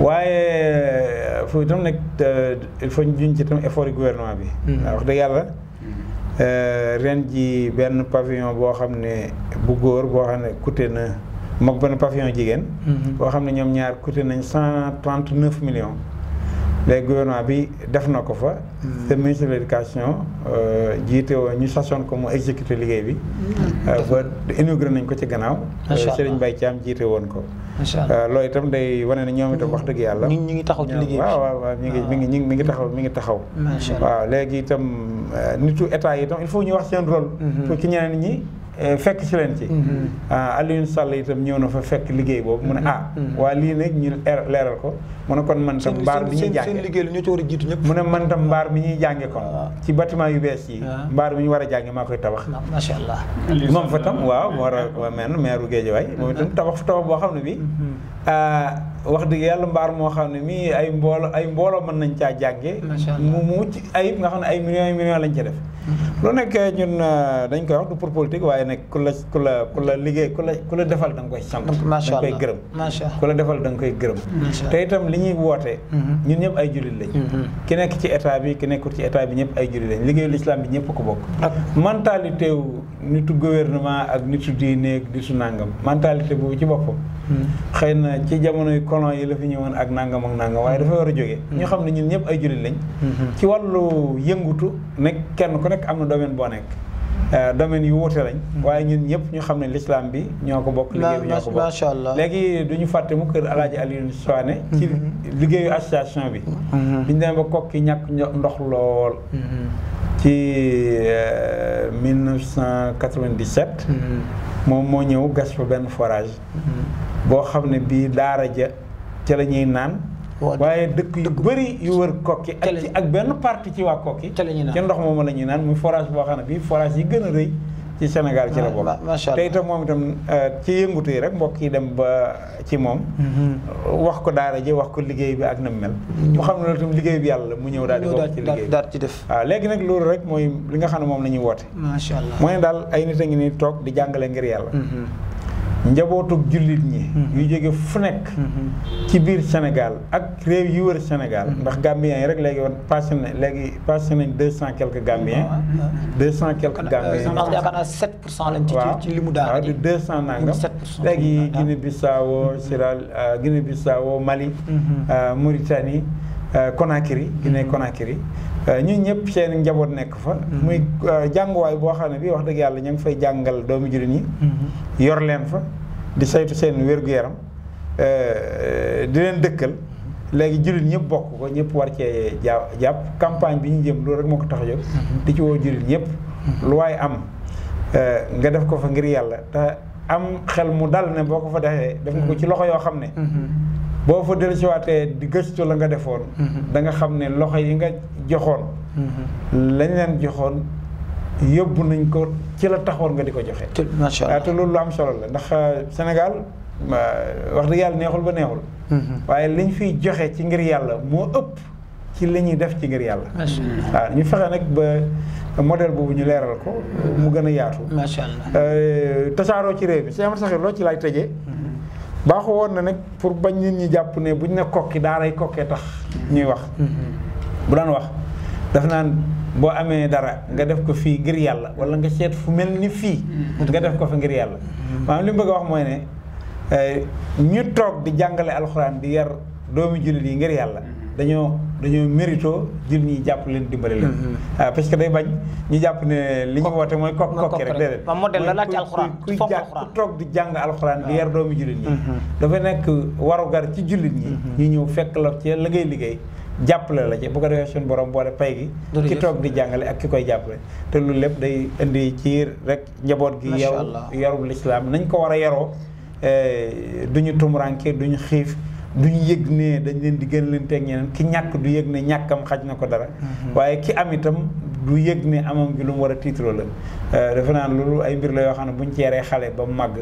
waaye euh, foofu itam nag euh, il faut ñu juñ ci itam effort gouvernement bi hmm. wax dëgg yàlla hmm. euh, ren ji benn pavillon boo xam ne bu góor boo xam ne coûté na mook benn pavillon jigéen hmm. boo xam ne ñoom ñaar coûté nañ cent trente millions léegi gouvernement bi def na ko fa. te ministre de l' éducation euh, jiite woo ñu sasoon ko mu exécuté liggéey bi. Mm-hmm. Euh, ba inauguré nañ ko ci gannaaw. macha euh, allah bay Mbaye Thiam jiite woon ko. macha allah itam day wane na ñoom itam wax dëgg yàlla. ñu ngi taxaw ci liggéey bi waaw waaw waaw mi ngi mi ngi mi ngi taxaw mi ngi taxaw. macha allah waaw léegi itam nit nitu état yi itam il faut ñu wax seen rôle. Mm-hmm. pour ci ñeneen ñi. fekk ci leen ci mm-hmm. Alioune Sall itam ñëw na fa fekk liggéey boobu mu ne a ah, waa lii ne ñu leeral ko mu ne kon man tam mbaar bi ñuy jànge a jiitu ñëpp mu ne man tam mbaar bi ñuy kon ah. ci bâtiment yu bees yi ah. mbaar bi ñu war a jànge maa koy tabax macha allah moom fa tam waaw moo war a mel maire Guédiawaye ah. moom itam tabax fa tabax boo xam ne bi mm-hmm. wax dëgg yàlla mbaar moo xam ne mii ay mbooloo ay mbooloo mën nañ caa jànge mu mucc ayib nga xam ne ay millions millions lañ ci def mm-hmm. lu nekk ñun dañ koy wax du pour politique waaye nag ku la ku la ku la liggéey ku la ku la defal da koy sant da nga koy gërëm ku la defal da koy gërëm li ñuy woote. Mm-hmm. ñun ñëpp ay jullit lañ. Mm-hmm. ki nekk ci état bi ki nekkul ci état bi ñëpp ay jullit lañ liggéeyu lislaam bi ñëpp ko bokk. ak mentalité nitu gouvernement ak nitu diine ak su nangam mentalité boobu ci boppam. Mm-hmm. xëy na ci jamono jamonoy colon yi la fi ñëwoon ak nangam ak nangam waaye dafa war a jógee. ñu xam ne ñun ñëpp ay jullit lañ. ci wàllu yëngutu nekk kenn ku nekk am na domaine boo nekk. Euh, domaine yu wuute lañ. Mm-hmm. waaye ñun ñëpp ñu xam ne lislaam bi ñoo ko bokk. liggéey bi ñoo ko bokk macha allah léegi du ñu fàtte mu kër El Hadj Alioune Souane. ci mm-hmm. liggéeyu association bi. Mm-hmm. biñ demee ba kokki ñàkk ndox lool. ci 1997. Euh, moom moo ñëw gas fa benn forage. boo xam ne bii daara ja ca la ñuy naan. waaye dëkk yu bari yu wër kokki ak ak benn parti ci waa kokki ci ndox moomu la ñuy naan muy forage boo xam ne bii forage yi gën a rëy ci Sénégal ci la ah, bokk te itam moom itam euh, ci yëngutu yi rek mbokk yi dem ba ci moom mm-hmm. wax ko daara ji wax ko liggéey bi ak na mel mm-hmm. mu xam ne loolu itam liggéey bi yàlla mu ñëw daal di bokk ci liggéey daal ci def waaw ah, léegi nag loolu rek mooy li nga xam ne moom la ñuy woote macha allah mooy daal ay nit a ngi ni toog di jàngale ngir yàlla mm-hmm. njabootuk jullit ñi. Mm-hmm. yu jóge fu nekk. Mm-hmm. ci biir Sénégal ak réew yu wër Sénégal. Mm-hmm. ndax Gambien yi rek léegi woon passé na léegi passé nañ deux cent quelques Gambiens. Ah, ah, ah. deux cent quelques Gambiens. ndax euh, yaakaar naa sept pour cent lañ ci ci limu daara di deux cent nangam léegi Guinée Bissau Sierra Guinée Bissau Mali. Euh, Mauritanie euh, Conakry Guinée Conakry. Euh, ñun ñëpp seen njaboot nekk fa. Mm-hmm. muy euh, jànguwaay boo xam ne bii wax dëgg yàlla ñu ngi fay jàngal doomu jullit ñi. Mm-hmm. yor leen fa di saytu seen wér-gu-yaram euh, di leen dëkkal mm-hmm. léegi jullit ñëpp bokk ko ñëpp war cee jàpp campagne bi ñu jëm loolu rek moo ko tax a jóg. di ci woo jullit ñëpp. lu waay am nga def ko fa ngir yàlla te am xel mu dal ne boo ko fa defee. def nga ko ci loxo yoo xam ne. boo fa dellusiwaatee di gëstu la nga defoon. Mm-hmm. da nga xam ne loxo yi nga joxoon. Mm-hmm. lañ leen joxoon yóbbu nañ ko ci la taxoon nga di ko joxe. macha allah te loolu lu am solo la ndax euh, Sénégal wax dëgg yàlla neexul ba neexul. Mm-hmm. waaye liñ fi joxe ci ngir yàlla moo ëpp. ci li ñuy def ci ngir yàlla. waaw ñu fexe nag ba model boobu ñu leeral ko mu gën a yaatu. macha allah euh, tasaaroo ci réew bi sëñ Amar Saxir loo ci laay tëjee. baaxoo woon na nag pour bañ nit ñi jàpp ne buñ ne kokki daaray kokkee tax ñuy wax bu daan wax def naan boo amee dara nga def ko fii ngir yàlla wala nga seet fu mel ni fii nga def ko fi ngir yàlla maanaam li mu bëgg a wax mooy ne eh, ñu toog di jàngale alxuraan di yar doomi jullit yi ngir yàlla dañoo dañoo mérito jur ñi jàpp leen dimbale leen. waaw mm-hmm. ah, parce que day bañ ñu jàpp ne li ñu woote mooy. kok kokki rek déedéet. waaw modèle la laaj ci alxuraan kuy ku toog di jàng alxuraan di yar doomi jullit ñi. Mm-hmm. dafa nekk warugar ci jullit ñi. Mm-hmm. ñu ñëw fekk la ci la ngay liggéey. jàppale la ci bu ko defee suñu borom boole pay gi ki toog di jàngale ak ki koy jàppale te loolu lépp day indi ci rek njaboot gi yaru yarub lislaam nañ ko war a yaroo eh, duñu tumuraanke duñu xiif duñ yëg ne dañu leen di gën leen teg ki ñàkk du yëg ne ñàkkam xaj na ko dara mhm. waaye ki am itam du yëg ne amam gi lu mu war a tiitroo la euh, defe naa loolu ay mbir la yoo xam ne buñ ceeree xale ba mu màgg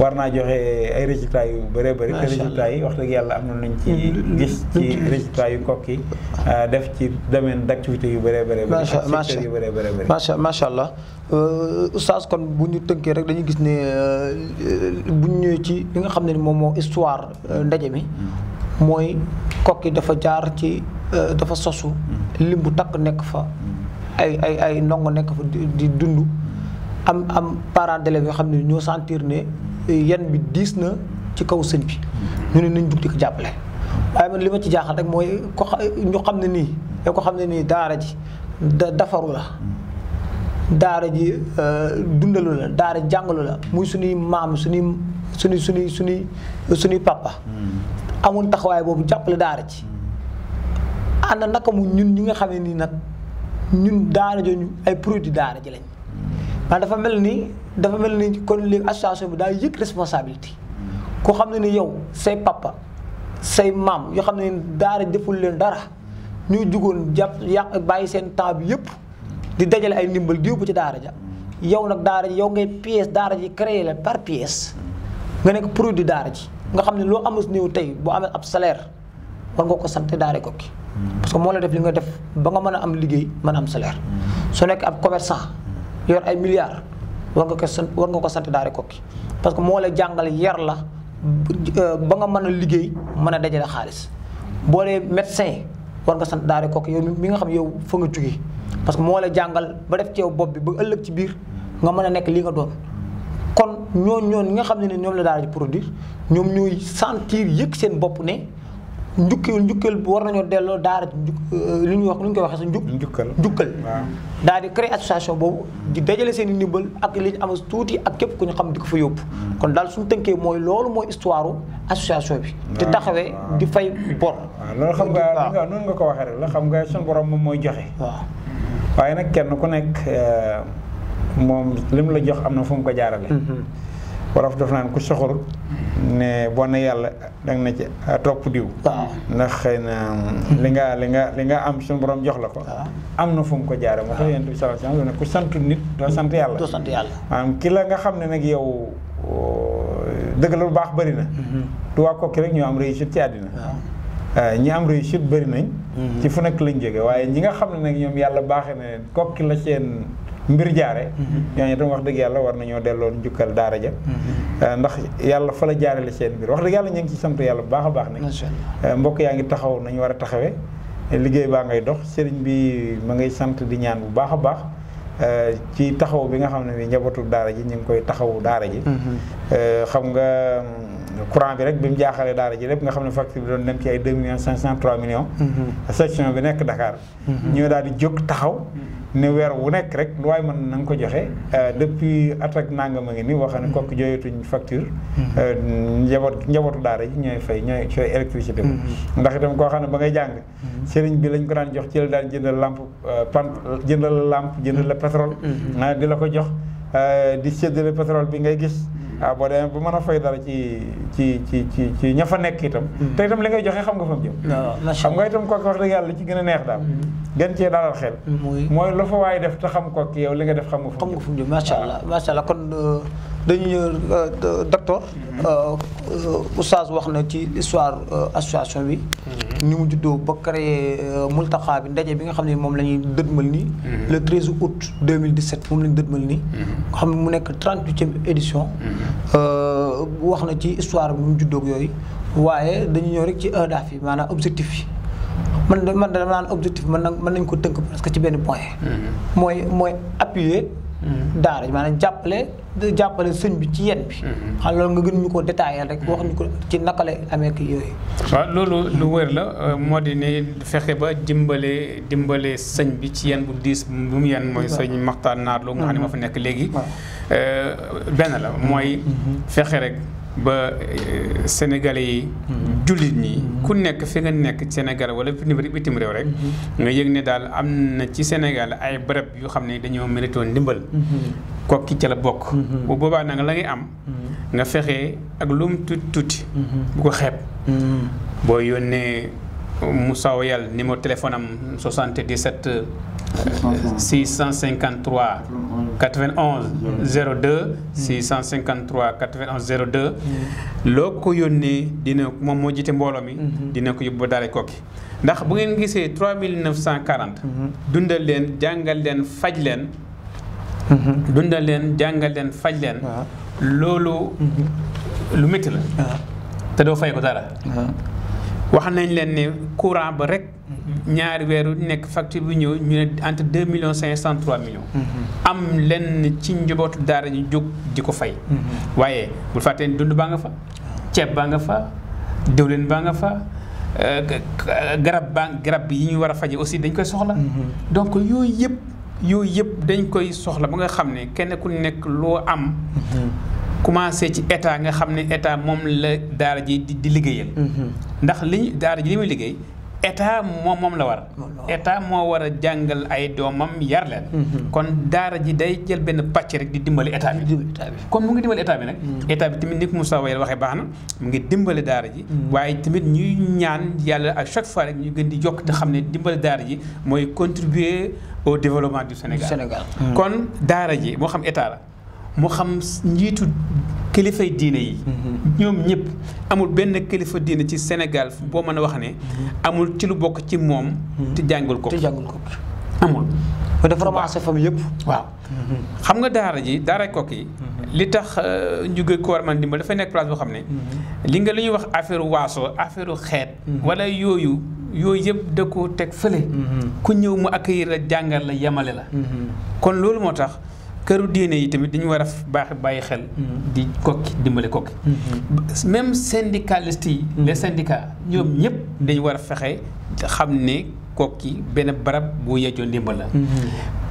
war naa joxe ay résultats yu bëree bëri te résultats yi wax dëgg yàlla am na luñ ci gis ci résultats yu kokki euh, def ci domaine d' activité yu bëree bëri secteur yu bëree bëri macha macha allah euh, oustaz kon bu ñu tënkee rek dañu gis ne euh, bu ñu ñëwee ci li nga xam ne ni moom moo histoire ndaje mi mm. mooy kokki dafa jaar ci dafa sosu mm. lim bu takk nekk fa mm. ay ay ay ndongo nekk fa di dund am am parents d'élèves yoo xam ne ñoo sentir ne eh, yan bi diis na ci kaw sëñ bi ñu ne nañ jug di ko jàppale waaye man li ma ci jaaxal rek mooy ko xam ne nii yoo ko xam ne nii daara ji dafaru la daara ji eh, dundalu la daara jàngalu la muy suñuy maam suñuy suñuy suñuy suñuy suñuy papa hmm. amoon taxawaay boobu jàppale daara ji ànd naka mu ñun ñi nga xam ne nii nag ñun daara ñu ay produit daara ji lañ waaw dafa mel ni dafa mel ni kon léegi association bi daal yëg responsabilité ku xam ne ni yow say papa say maam yoo xam ne daara deful leen dara ñu jugoon jàpp yàq bàyyi seen temps bi yëpp di dajale ay ndimbal di yóbbu ci daara ja yow nag daara ji yow ngay pièce daara ji créé la par pièce nga nekk produit daara ji nga xam ne loo amus néew tey boo amee ab salaire war nga ko sante daara Koki parce que moo la def li nga def ba nga mën a am liggéey mën a am salaire soo nekk ab yor ay milliards war nga ko sant war nga ko sant daare kokki parce que moo la jàngal yar la euh, ba nga mën a liggéey mën a dajale xaalis boo dee médecin war nga sant daare kokki yow mi nga xam yow fa nga jugee parce que moo la jàngal ba def ci yow bopp bi ba ëllëg ci biir nga mën a nekk li nga doon kon ñooñ ñoon ñi nga xam ne ne ñoom la daara ji produire ñoom ñooy sentir yëg seen bopp ne njukkeel njukkeel war nañoo delloo daara euh, lu ñuy wax lu ñu koy waxee sa njuk njukkal njukkal daal di créer association boobu di dajale seen i ndimbal ak li ñu am tuuti ak képp ku ñu xam di ko fa yóbbu mm. kon daal suñu tënkee mooy loolu mooy histoire association bi di taxawee di fay bor waaw loolu xam nga noonu nga ko waxee rek la xam nga suñu borom moom mooy joxe waaw waaye nag kenn ku nekk euh, moom li mu la jox am na fu mu ko jaarale mm-hmm. waraf def naan ku soxor ne boo na yàlla danga na ci ah, topp diw ndax xëy na mm, hmm. li nga li nga li nga am suñu borom jox la ko am na fu mu ko jaare moo tax yonent bi sallallahu alayhi wasallam ne ku sant nit doo sant yàlla doo sant yàlla maanaam ki la nga xam ne nag yow oh, dëgg la lu baax bëri na hmm. du kokki rek ñoo am réussite ci àddina ah, ñi am réussite bëri nañ hmm. ci fu nekk lañ jóge waaye ñi nga xam ne nag ñoom yàlla baaxee na leen kokki la seen mbir jaare ñooñu mhm. tam wax dëgg yàlla war nañoo delloo njukkal daara ja mhm. euh, ndax yàlla fa la jaare la seen mbir wax dëgg yàlla ñu ngi ci sant yàlla bu baax a baax nag euh, mbokk yaa ngi taxaw nañu war a taxawee liggéey baa ngay dox seriñ bi ma ngay sant di ñaan bu baax a baax euh, ci taxaw bi nga xam ne bi njabootu daara ji ñu ngi koy taxaw daara ji mhm. xam nga courant bi rek bi mu jaaxalee daara ji lépp nga xam ne facture bi doon dem ci ay 2 millions 500 3 millions. Mhm. section bi nekk Dakar. Mhm. ñoo daal di jóg taxaw. ne weer wu nekk rek lu waaye mën na nga ko joxe euh, depuis at ak nangam a ngi nii wax ne kooku mhm. jooyatuñ facture. Euh, njaboot njabootu daara ji ñooy fay ñooy fay électricité bi. ndax itam koo xam ne ba ngay jàng. sëriñ bi lañ ko daan jox ci la daan jëndal lampe euh, pan jëndal lampe jëndal la pétrole. Ah, di la ko jox. Euh, di séddale pétrole bi ngay gis. waaw mm. ah, boo demee ba mën a fay dara ci ci ci ci ci ña fa nekk itam. Mm. te itam li ngay joxe xam nga fa mu jëm. xam nga itam kooku wax dëgg yàlla li ci gën a neex daal. Mm-hmm. gën cee dalal xel. Mm-hmm. mooy la fa waay def te xam kooku yow li nga def xam nga fa mu jëm. xam nga fa macha ah. allah macha allah euh, dañuy euh, docteur mhm. euh, oustaz wax na ci histoire euh, association bi mhm. ni mu juddoo ba créé multaxaa bi ndaje bi nga xam ne moom la ñuy dëdmal nii mhm. le 13 août 2017 moom la ñu dëdmal nii nga xam ne mu nekk 38e édition wax na ci histoire bi mu juddoog yooyu waaye dañu ñëw rek ci adaaf yi maanaa objectif yi man man dama naan objectif man na mën nañ ko tënk parce que ci benn point mooy mooy appuyer daara maanaam jàppale jàppale sëñ bi ci yen bi mm-hmm. xam nga gën ñu ko détaillé rek wax ñu ko ci naka la amee ak yooyu waaw loolu lu wér la euh, moo di ne fexe ba dimbale dimbale sëñ bi ci yen bu diis bu mu yen mooy sëñ Maxtaar Naar loo nga xam ne moo fa mm-hmm. nekk léegi euh, benn la mooy mm-hmm. fexe rek ba eh, sénégalais yi mm-hmm. jullit ñi mm-hmm. ku nekk fi nga nekk Sénégal wala pitim réew rek mm-hmm. nga yëg ne daal am na ci Sénégal ay barab yu xam ne dañoo méritoon ndimbal kokki ca la bokk bu boobaa nag la ngay am nga fexe ak lum tuuti tuuti bu ko xeeb boo yónnee Moussa Oyal numéro téléphone am 77 653 91 02 653 91 02 loo ko yónnee dina moom moo jiite mbooloo mi mhm. dina ko yóbbu ba daara Koki ndax bu ngeen gisee 3940 mhm. dundal leen jàngal leen faj leen mhm. dundal leen jàngal leen faj leen loolu lu métti la te doo fay ko dara wax nañ leen ne courant ba rek ñaari weeru nekk facture bi ñëw ñu ne entre deux million cinq cent trois millions mm-hmm. am lenn ci njabootu daara ñu jóg di ko fay mm-hmm. waaye bul fàttee ne dund baa nga fa ceeb baa nga fa diwlin baa nga fa euh, garab baa garab yi ñuy war a faje aussi dañ koy soxla mm-hmm. donc yooyu yëpp yooyu yëpp dañ koy soxla bu nga xam ne kenn ku nekk loo am commencé ci état nga xam ne état moom la daara ji di liggéeyal. Mhm. ndax li daara ji li muy liggéey état moom moom la war. état moo war a jàngal ay doomam yar leen. Mhm. kon daara ji day jël benn pàcc rek di dimbali état bi. comme mu ngi dimbali état bi nag. Mhm. état bi tamit ni ko Moussa Wayel waxee baax na mu ngi dimbali daara ji. waaye tamit ñuy ñaan yàlla ak chaque fois rek ñu gën di yokk te xam ne dimbali daara ji mooy contribuer au développement du Sénégal. kon daara ji moo xam état la. mu xam njiitu kilifay diine yi. Mm-hmm. ñoom ñëpp amul benn kilifa diine ci senegal boo mën a wax ne. Mm-hmm. amul ci lu bokk ci moom. Mm-hmm. te jàngul ko te jàngul ko amul. ba dafa ramassé famille yëpp. waaw xam nga daara ji daara kooku li tax euh, njuge ko war man dimbal dafay nekk place boo xam ne. li nga li ñuy wax affaire waaso affaire xeet. wala yooyu yooyu yëpp da ko teg fële. ku ñëw mu accueillir la jàngal la la. kon loolu moo tax. këru diine yi tamit dañu war a baax bàyyi xel. Mm-hmm. di kokki dimbale kokki. Mm-hmm. même syndicalistes yi. Mm-hmm. les syndicats ñoom ñëpp dañu war a fexe xam ne kokki benn barab bu yejjoo ndimbal la.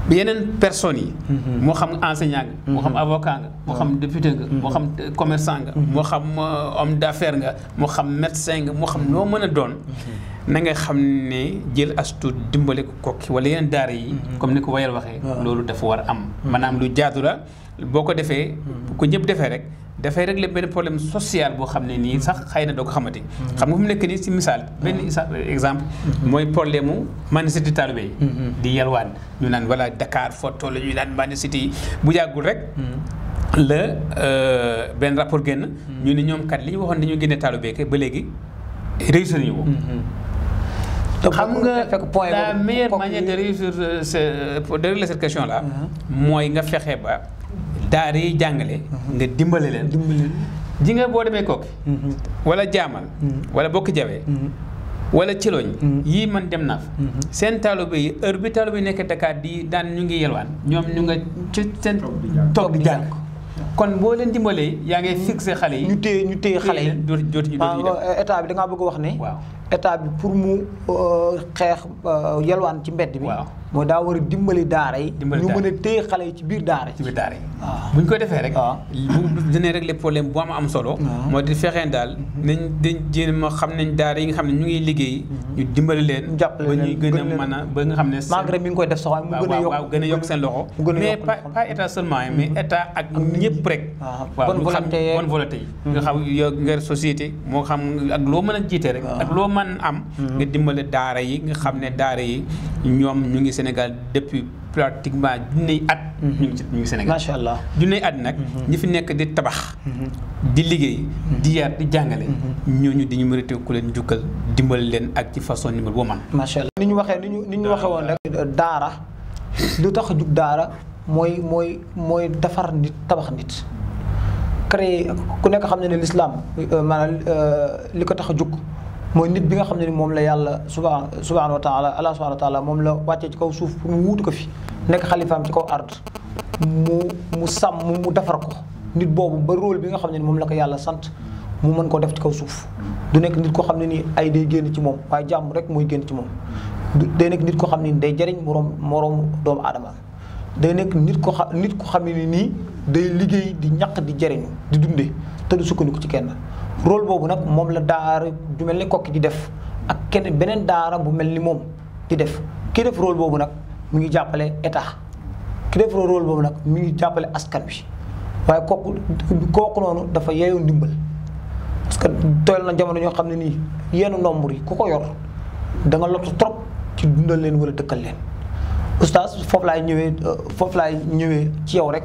yeneen personnes yi. moo xam enseignant nga. moo xam avocat nga. moo xam député nga. moo xam commerçant nga. moo xam euh, homme daffaire nga. moo xam médecin nga moo xam loo mën a doon. na nga xam ne jël astuut dimbale ko kokki wala yeneen daara yi. Mm-hmm. comme ni ko wayal waxee. loolu dafa war am. Mm-hmm. maanaam lu jaadu la boo ko defee. Mm-hmm. ko ñëpp defee rek. dafay régler benn problème social boo xam ne nii sax xëy na doo ko xamati. xam nga mu nekk nii si misaal. benn exemple. mooy problème mu manicité taalibe yi di yalwaan ñu naan wala Dakar foto la ñuy naan manicité yi bu yàggul rek. la euh, benn rapport génn. ñu ne ñoom kat li ñu waxoon dañoo génne taalibe ba léegi réussir nañu ko. xam nga la meilleure manière de réussir de régler cette question là. Uh-huh. mooy nga fexe ba daara yi jàngale. Uh-huh. nga dimbale leen. ji nga boo demee kooki. Uh-huh. wala jaamal. wala bokk jawe. wala ciloñ yii man dem naa fa. seen taalibe yi heure bi taalibe bi nekk Dakar di daan ñu ngi yelwaan ñoom ñu nga ci seen. toog di jàng kon boo leen dimbalee yaa ngay fixé xale yi. ñu téye ñu téye xale yi état bi danga bëgg wax ne. état bi pour mu euh, xeex euh, yalwaan ci mbedd bi. moo daa war a dimbali daara yi. dimbali daara ñu xale yi ci biir daara yi. ci ñu ko defee rek. waaw bu dinañ régler problème bu am am solo. moo di fexeen daal mhm. nañ dañ jéem a xam nañ daara yi nga xam ne ñu ngi liggéey. Mhm. ñu dimbali leen. leen ba gën a mën ba nga xam ne. malgré mi ngi koy def sax waaye mu gën a yokk waaw gën a yokk seen loxo. mais pas pas état seulement mhm. mais état ak ñëpp rek. waaw bonne volonté yi nga xam yow moo xam ak loo mën a jiite rek. ak loo mën am. nga dimbali daara yi nga xam ne daara yi ñoom ñu ngi seen Sénégal depuis pratiquement junney at. Mhm. ñu ngi ci ñu ngi allah junney at nag. Mhm. ñi fi nekk di tabax. Mhm. di liggéey di yar di jàngale. ñooñu di ñu mérité ku leen jukkal dimbal leen ak ci façon ni boo man macha allah ni ñu waxee ni ñu ni ñu waxee woon rek. daara lu tax a jug daara mooy mooy mooy defar nit tabax nit. créer ku nekk xam ne ne l'islam euh, maanaam euh, li ko tax a jug. mooy nit bi nga xam ne ni moom la yàlla subaa subhaanahu wa taala allah subhaanahu wa taala moom la wàccee ci kaw suuf pour mu wuutu ko fi nekk xalifaam ci kaw ard mu mu sàmm mu defar ko nit boobu ba rôle bi nga xam ne ni moom la ko yàlla sant mu mën koo def ci kaw suuf du nekk nit koo xam ne nii ay day génn ci moom waaye jàmm rek mooy génn ci moom day nekk nit koo xam ne day jariñ moroom moroomu doomu aadama day nekk nit ko xam nit ko xam ne nii day liggéey di ñaq di jariñu di dundee te du ko ci kenn rôle boobu nag moom la daara ju mel ni kokki di def ak kenn beneen daara bu mel ni moom di def ki def rôle boobu nag mu ngi jàppale état ki def rôle boobu nag mu ngi jàppale askan wi waaye kooku kooku noonu dafa yeyoo ndimbal parce que toyal na jamono ñoo xam ne nii yenn nombre yi ku ko yor da nga trop ci dundal leen wala dëkkal leen oustaz foofu laay ñëwee euh, foofu laay ñëwee ci yow rek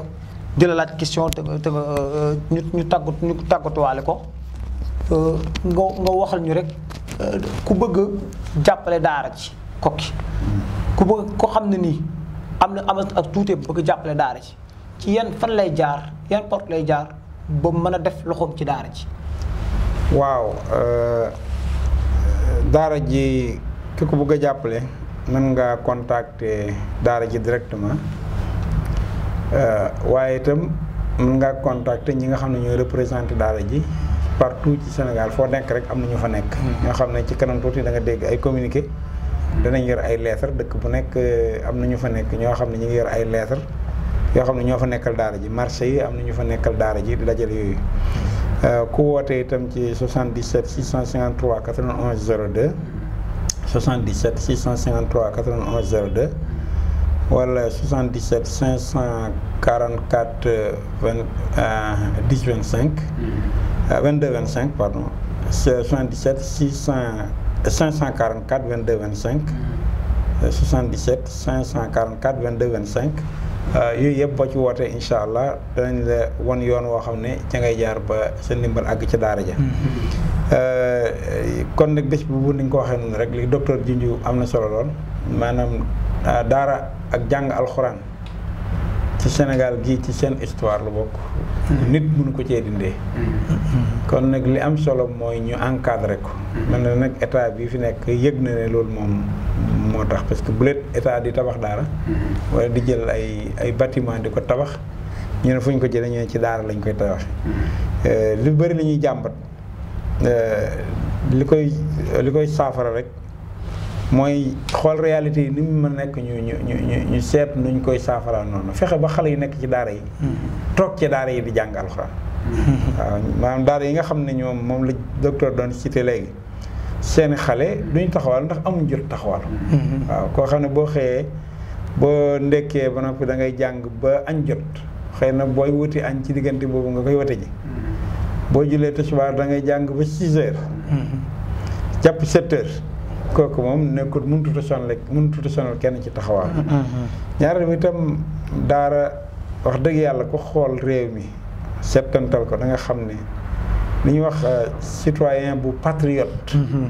di laaj question te euh, ñu ñu tàggat ñu tàggatuwaale ko Euh, nga nga waxal ñu rek euh, ku bëgg jàppale daara ji kokki ku bëgg ko xam ne nii am na am ak tuute bëgg jàppale daara ci ci yan fan lay jaar yan porte lay jaar ba mën a def loxoom ci daara ci waaw euh, daara ji ki bëgg a jàppale mën nga contacter daara ji directement waaye itam mun ngaa contacter ñi nga xam ne ñooy représenté daara ji partout ci Sénégal foo nekk rek am na ñu fa nekk. ñoo xam ne ci kanam tuuti da nga dégg ay communiqué. danañ yor ay lettre dëkk bu nekk am na ñu fa nekk ñoo xam ne ñu ngi yor ay lettre yoo xam ne ñoo fa nekkal daara ji marché yi am na ñu fa nekkal daara ji di dajale yooyu. Euh, ku wootee itam ci 77 653 91 02 77 653 91 02. wala 77 544 20 10 25. 22 25 pardon 77 600 544 22 25. 77 544 vingt 25. yooyu yëpp boo ci wootee incha allah danañ la wan yoon woo xam ne ca ngay jaar ba sa ndimbal àgg ca daara ja mm-hmm. euh, kon nag bés bu bu ni nga ko waxee noonu rek li docteur Junju am na solo lool maanaam euh, daara. ak jàng alxuraan ci Sénégal gii ci seen histoire lu bokk. nit mënu ko cee dindee. kon nag li am solo mooy ñu encadré ko. mel na nag état bii fi nekk yëg na ne loolu moom moo tax parce que bu état di tabax daara. wala di jël ay ay bâtiment di ko tabax ñu ne fu ñu ko jëlee ñu ne ci daara lañ koy tabax euh, lu bëri li ñuy jàmbat euh, li koy li koy saafara rek. mooy xool réalité yi ni mu mën nekk ñu ñu ñu ñu seet nuñ koy saafaraa noonu fexe ba xale yi nekk ci daara yi. Hmm. toog ci daara yi di jàng alxuraan. Hmm. waaw yi nga xam ne ñoom moom la docteur doon cité léegi seeni xale duñ taxawal ndax amuñ jot taxawal. Hmm. waaw koo xam ne boo xëyee boo ndekkee ba noppi da ngay jàng ba añ jot xëy na booy wuti añ ci diggante boobu nga koy wate ji. boo julee tisbaar da ngay jàng ba 6 heures. jàpp 7 kooku moom nekkul mënutut a sonal mënutut a sonal kenn ci taxawaay. Mm-hmm. Mm-hmm. ñaareel bi tam daara wax dëgg yàlla ku xool réew mi settantal ko da nga xam ni li ñuy wax euh, citoyen bu patriote. Mm-hmm.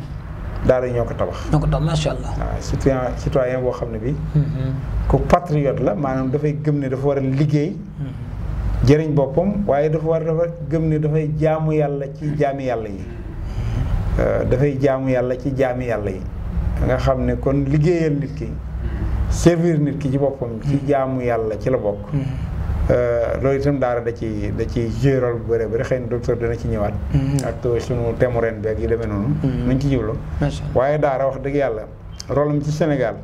daara ñoo ko tabax. ñoo ko macha allah. waaw citoyen boo xam ne bi ku patriote la maanaam dafay gëm ne dafa war a liggéey. jëriñ boppam waaye dafa war a dafa gëm ne dafay jaamu yàlla ci jaami yàlla yi. Euh, dafay jaamu yàlla ci jaami yàlla yi nga xam ne kon liggéeyal nit ki servir nit ki ci boppam ci mm-hmm. jaamu yàlla ci la bokk mm-hmm. euh, loolu itam daara da ci da ci joué bu bëree bëri xëy na docteur dina ci ñëwaat mm-hmm. ak sunu temu ren bi yi demee noonu nuñ ci jublu waaye daara wax dëgg yàlla rôle ci Sénégal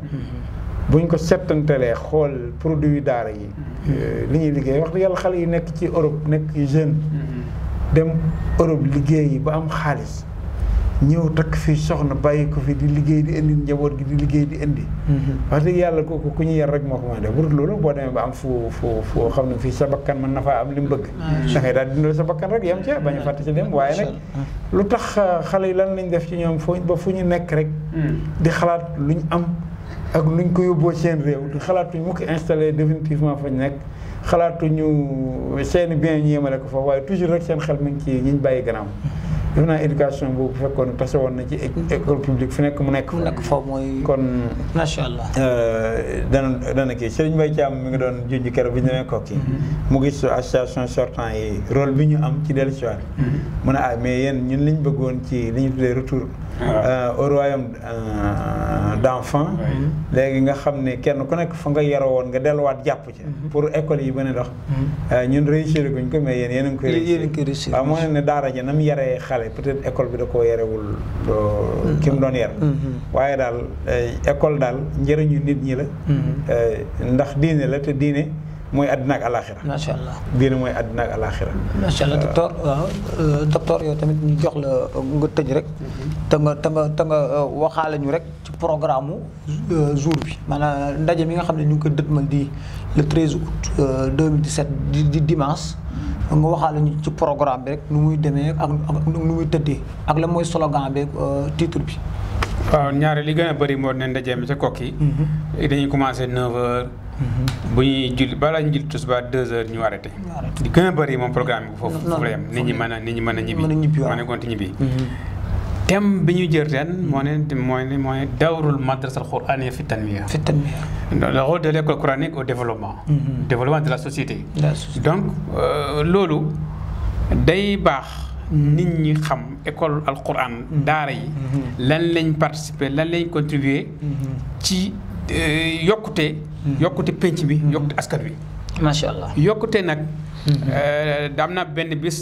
buñ ko settantelee xool produit daara yi euh, li ñuy liggéey wax dëgg yàlla xale yi nekk ci Europe nekk jeune dem Europe liggéey ba am xaalis ñëw takk fi soxna bàyyi ko fi di liggéey di indi njaboot gi di liggéey di indi. Mhm. wax dëgg yàlla kooku ku ñu yar rek moo ko mën a def loolu boo demee ba am foo foo foo xam ne fii sa bakkan man na faa am li mu bëgg. Ah, da daal daal dindal sa bakkan rek yam ca bañ ah, fàtte ci dem waaye nag. lu tax ah, xale yi lan lañ def ci ñoom foo ba fu ñu nekk rek. Hmm. di xalaat luñ am ak luñ ko yóbboo seen réew di xalaatuñ mu ko installé définitivement fa ñu nekk. xalaatuñu seen bi ñu yemale ko fa waaye toujours rek seen xel mi ngi ci ñi ñu bàyyi gannaaw def naa éducation boobu fekkoon tase woon na ci école publique fu nekk mu nekk. mu nekk foofu mooy. kon macha allah. Euh, dana dana kii Serigne Mbaye Thiam mi ngi doon junj keroog bi ñu demee Kokki. Mm-hmm. mu gis association sortant yi rôle bi ñu am ci dellusiwaat. Mm-hmm. mu a ah mais yéen ñun liñ bëggoon ci li ñu tuddee retour. Ah. Euh, au royaume euh, d'enfants léegi nga xam ne kenn ku nekk fa nga yaroo woon nga delluwaat jàpp ci mhm. pour école yi mën ne dox mhm. euh, ñun réussir guñ ko mais yéen yéen a ngi koy réussir waaw moo ne daara ji na mu yaree xale peut-être école bi da ko yarewul mhm. ki mu doon yar waaye daal école daal njëriñu nit ñi la ndax diine la te diine mooy àddina ak alaaxira. macha allah diine mooy àddina ak alaaxira. macha allah docteur euh, waaw euh, docteur yow tamit ñu jox la nga tëj rek. Mhm. te nga te nga nga euh, waxaale ñu rek ci programme mu jour bi. maanaam ndaje mi nga xam ne ñu ngi ko ma di le 13 août 2017 di di dimanche. nga waxaale ñu ci programme bi rek nu muy demee ak nu muy tëddee ak la mooy slogan bi titre bi. waaw ñaare li gën a bëri moo ne ndaje mi ca kokki mhm. dañuy commencé 9h. bu ñuy julli balaa ñu julli tusbaar deux heures ñu arrêté. di gën a bëri moom programme bi foofu foofu la yem nit ñi mën a nit ñi mën a ñibbi mën a gonti ñibbi mm-hmm. thème bi ñu jël ren moo ne mooy ne mooy dawrul madrasa al quraniya fi tanmiya fi tanmiya le rôle de l'école coranique au développement mm-hmm. développement de la société donc euh, loolu day baax mm-hmm. nit ñi xam école al quran daara yi lan lañ participer lan lañ contribuer ci yokkute yokkute penc bi yokkute askan wi macha allah yokkute nag. Mm-hmm. Eh, am na benn bis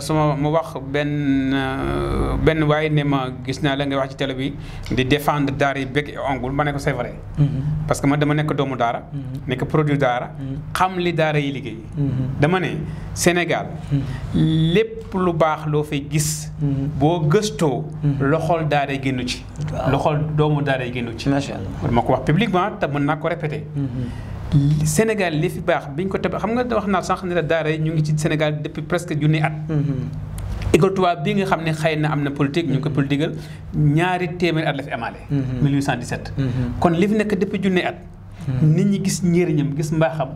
sama mu wax benn eh, benn waaye ne ma gis naa la ngay wax ci télé bi di défendre daara yi bec et ma ne ko c'est mm-hmm. parce que man dama nekk doomu daara. Mm-hmm. nekk produit daara. xam li daara yi liggéey. dama ne Sénégal. lépp lu baax loo fay gis. boo gëstoo. loxol daara yi génnu ci. loxol doomu daara yi génnu ci. macha allah ma ko wax publiquement te mën naa ko répété. Mm-hmm. Sénégal li fi baax biñ ko tabax xam nga wax naa sànq ne la daara yi ñu ngi ci Sénégal depuis presque junni at. Mm-hmm. école tubaab bii nga xam ne xëy na am na politique ñu ngi ko mm-hmm. politigal ñaari téeméer at la fi amaale. 1817. kon li fi nekk depuis junni at. nit ñi gis njëriñam gis mbaaxam.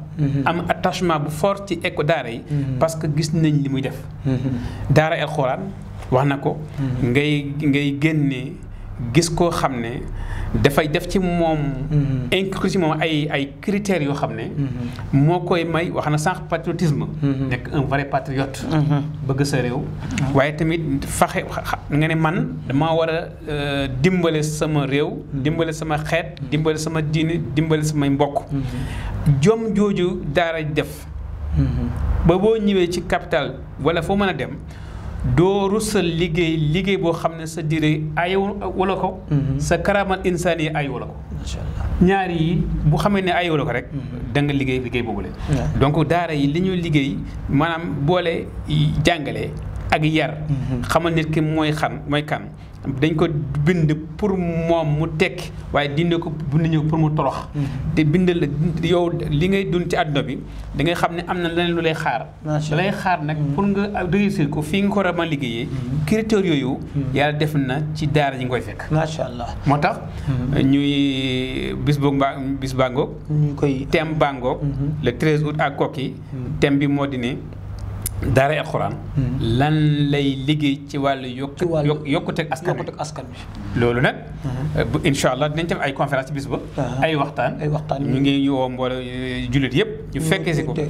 am attachement bu fort ci eco daara yi. parce que gis nañ li muy def. daara alxuraan wax na ko. ngay ngay génne. gis koo xam ne dafay def ci moom mm-hmm. inclusivement ay ay critères yoo xam ne mm-hmm. moo koy may wax na sànq patriotisme mm-hmm. nekk un vrai patriote bëgg sa réew waaye tamit faxe nga ne man dama war a euh, dimbale sama réew dimbale sama xeet dimbale sama diini dimbale samay mbokk jom jooju daara def ba boo ñëwee ci capital wala foo mën a dem doo sa liggéey liggéey boo xam ne sa dire ayewu wala ko. Mm-hmm. sa karaamal insaan yi ayewu la ko. ñaar xamee ne ayewu la rek. Mm-hmm. da nga liggéey liggéey boobule. donc daara yi li ñuy liggéey maanaam boole jàngale ak yar. Mm-hmm. xamal nit ki mooy xam mooy kan. dañ ko bind pour moom mu tekki waaye dindi ko bind ko pour mu torox. Mm-hmm. te bind la yow li ngay dun ci àdduna bi da ngay xam ne am na leneen lu lay xaar. da lay xaar nag mm-hmm. pour nga réussir ko fii nga ko war a mën liggéeyee. Mm-hmm. critères yooyu. yàlla def na ci daara ji nga koy fekk. macha allah moo tax. ñuy bis boog mbaa bis baa ñu koy thème baa ngoog. le 13 août ak kooki. thème bi moo di daaray alxuraan hmm. lan lay liggéey ci wàll yokk yokkuteg askan bi askan bi loolu nag hmm. bu incha allah dinañ def ay conférence ci ba hmm. ay waxtaan ay waxtaan ñu ngi ñu woo mboolo jullit yëpp ñu fekkee si ko te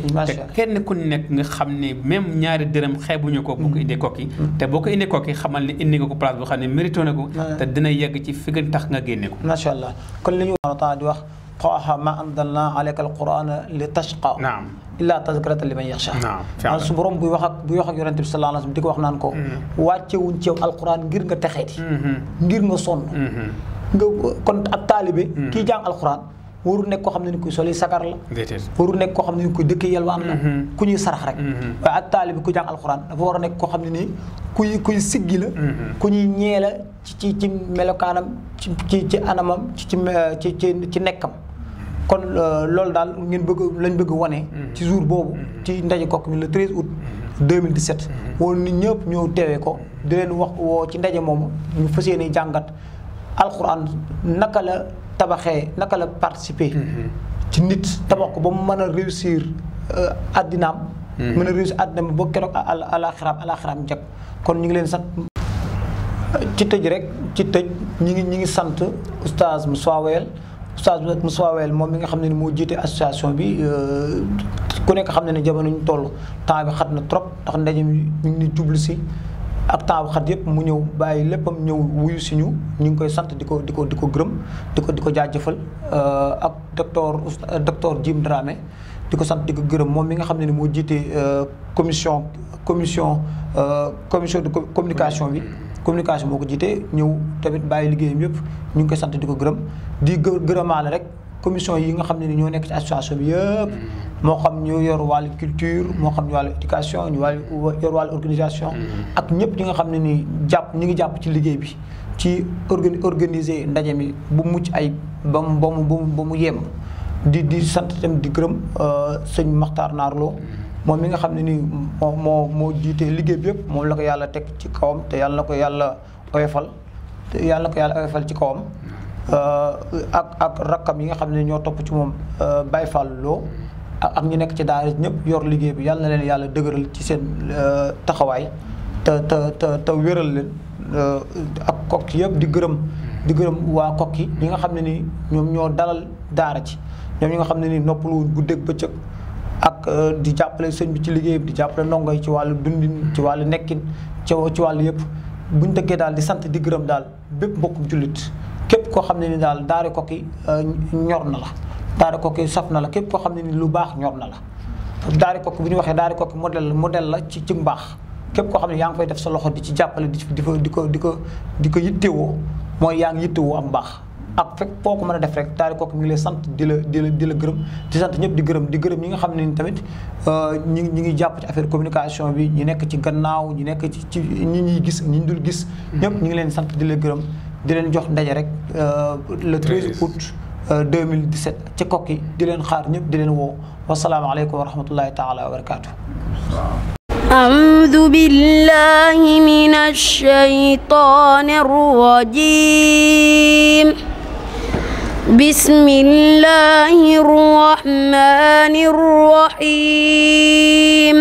kenn ku nekk nga xam ne même ñaari dërëm xeebuñu ko boo ko indee kokki te boo ko indee kokki xamal ne indi nga ko place boo xam ne mérito na ko te dina yegg ci fi gën tax nga génne ko macha allah طه ما أنزلنا عليك القرآن لتشقى نعم illaa tazkiratan liman yaxsha a su borom buy wax ak buy wax ak yonent bi sallallahu alayhi wasallam di ko wax naan ko wàccewuñ ci yow alquran ngir nga texeeti ngir nga sonn nga kon ab taalibe kii jàng alquran waru nekk koo xam ne ni koy soli sagar la waru nekk koo xam ne ni koy dëkk yelwaan la ku ñuy sarax rek waaye ab taalibe ku jàng alquran dafa war a nekk koo xam ne nii kuy kuy siggi la ku ñuy ñee la ci ci ci melokaanam ci ci ci anamam ci ci ci ci nekkam kon euh, loolu daal ngeen bëgg lañ bëgg wane. Hmm. ci jour boobu. Hmm. ci ndaje Koki mi le 13 août. 2017. Hmm. woon nit ñëpp ñëw teewee ko di leen wax woo ci ndaje moomu ñu fas yéene jàngat alxuraan naka la tabaxee naka la participer. ci nit tabax ko ba mu mën a réussir euh, addinaam. mën a réussir addinaam ba keroog alaxiraam alaxiraam njëkk kon ñu ngi leen sant. ci tëj rek ci tëj ñu ngi ñu ngi sant oustaz Moussa Wayel oustaz Moussa Wel moom mi nga xam ne moo jiite association bi euh, ku nekk xam ne ne jamono ñu toll temps bi xat na trop ndax ndaje mi ñu ngi jublu si ak temps xat yëpp mu ñëw bàyyi léppam ñëw wuyu si ñu ñu ngi koy sant di ko di ko di ko gërëm di ko di ko jaajëfal euh, ak docteur euh, docteur Jim Dramé di ko sant di ko gërëm moom mi nga xam ne moo jiite commission commission commission de communication bi. communication moo ko jiitee ñëw tamit bàyyi liggéeyam yëpp ñu ngi koy sant di ko gërëm di gë gërëmaale rek commission yi nga xam ne ni ñoo nekk ci association bi yëpp mm-hmm. moo xam ñu yor wàll culture moo xam ñu wàll éducation ñu wàllu yor wàllu organisation mm-hmm. ak ñëpp ñi nga xam ne nii jàpp ñu ngi jàpp ci liggéey bi ci organ organiser ndaje mi bu mucc ay ba mu ba mu ba mu yem di di sant tamit di gërëm euh, sëñ Makhtar Naarlo mm-hmm. moom mi nga xam ne nii moo moo moo jiite liggéey bi yëpp moom la ko yàlla teg ci kawam te yàlla ko yàlla oyofal te yàlla ko yàlla oyofal ci kawam mm-hmm. uh, ak ak rakkam yi nga xam ne ñoo topp ci moom uh, Baye Fall loo mm-hmm. ak ñu nekk ci daara ñëpp yor liggéey bi yàlla na leen yàlla dëgëral ci seen uh, taxawaay te wéral leen ak kokki yëpp di gërëm mm-hmm. di gërëm waa kokki ñi nga xam ne ni ñoom ñoo dalal daara ci ñoom ñi nga xam ne ni noppalu bu guddeeg bëccëg ak euh, di jàppale sëñ bi ci liggéey bi di jàppale ndongo yi ci wàllu dundin ci wàllu nekkin ci ci wàllu yëpp ñu dëkkee daal di sant di gërëm daal bépp mbokkum jullit képp koo xam ne ni daal daare Koki euh, ñor na la daara Koki saf na la képp koo xam ne ni lu baax ñor na la daare Koki bu ñu waxee daara Koki modèle modèle la ci ci mbaax képp koo xam ne yaa ngi koy def sa loxo di ci jàppale di di ko di ko di ko di ko yittewoo mooy yaa ngi yittewoo am baax ak fekk foo ko mën a def rek taali kooku mi ngi lay sant di la di la di gërëm di sant ñëpp di gërëm di gërëm ñi nga xam ne ni tamit euh, ñi ñi ngi jàpp ci affaire communication bi ñu nekk ci gannaaw ñu nekk ci ci ñi ñuy gis ñu ñu dul gis mm-hmm. ñëpp ñu ngi leen sant di la gërëm di leen jox ndaje rek euh, le 13 août 2017 euh, ci kokki di leen xaar ñëpp di leen woo wasalaamaaleykum wa rahmatullahi taala wa barakaatu أعوذ بالله من الشيطان بسم الله الرحمن الرحيم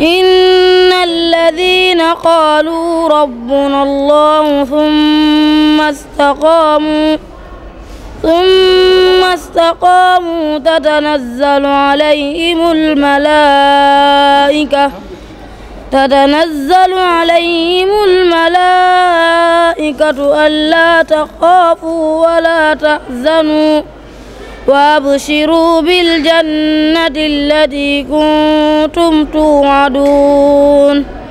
إن الذين قالوا ربنا الله ثم استقاموا ثم استقاموا تتنزل عليهم الملائكة تتنزل عليهم الملائكة ألا تخافوا ولا تحزنوا وأبشروا بالجنة التي كنتم توعدون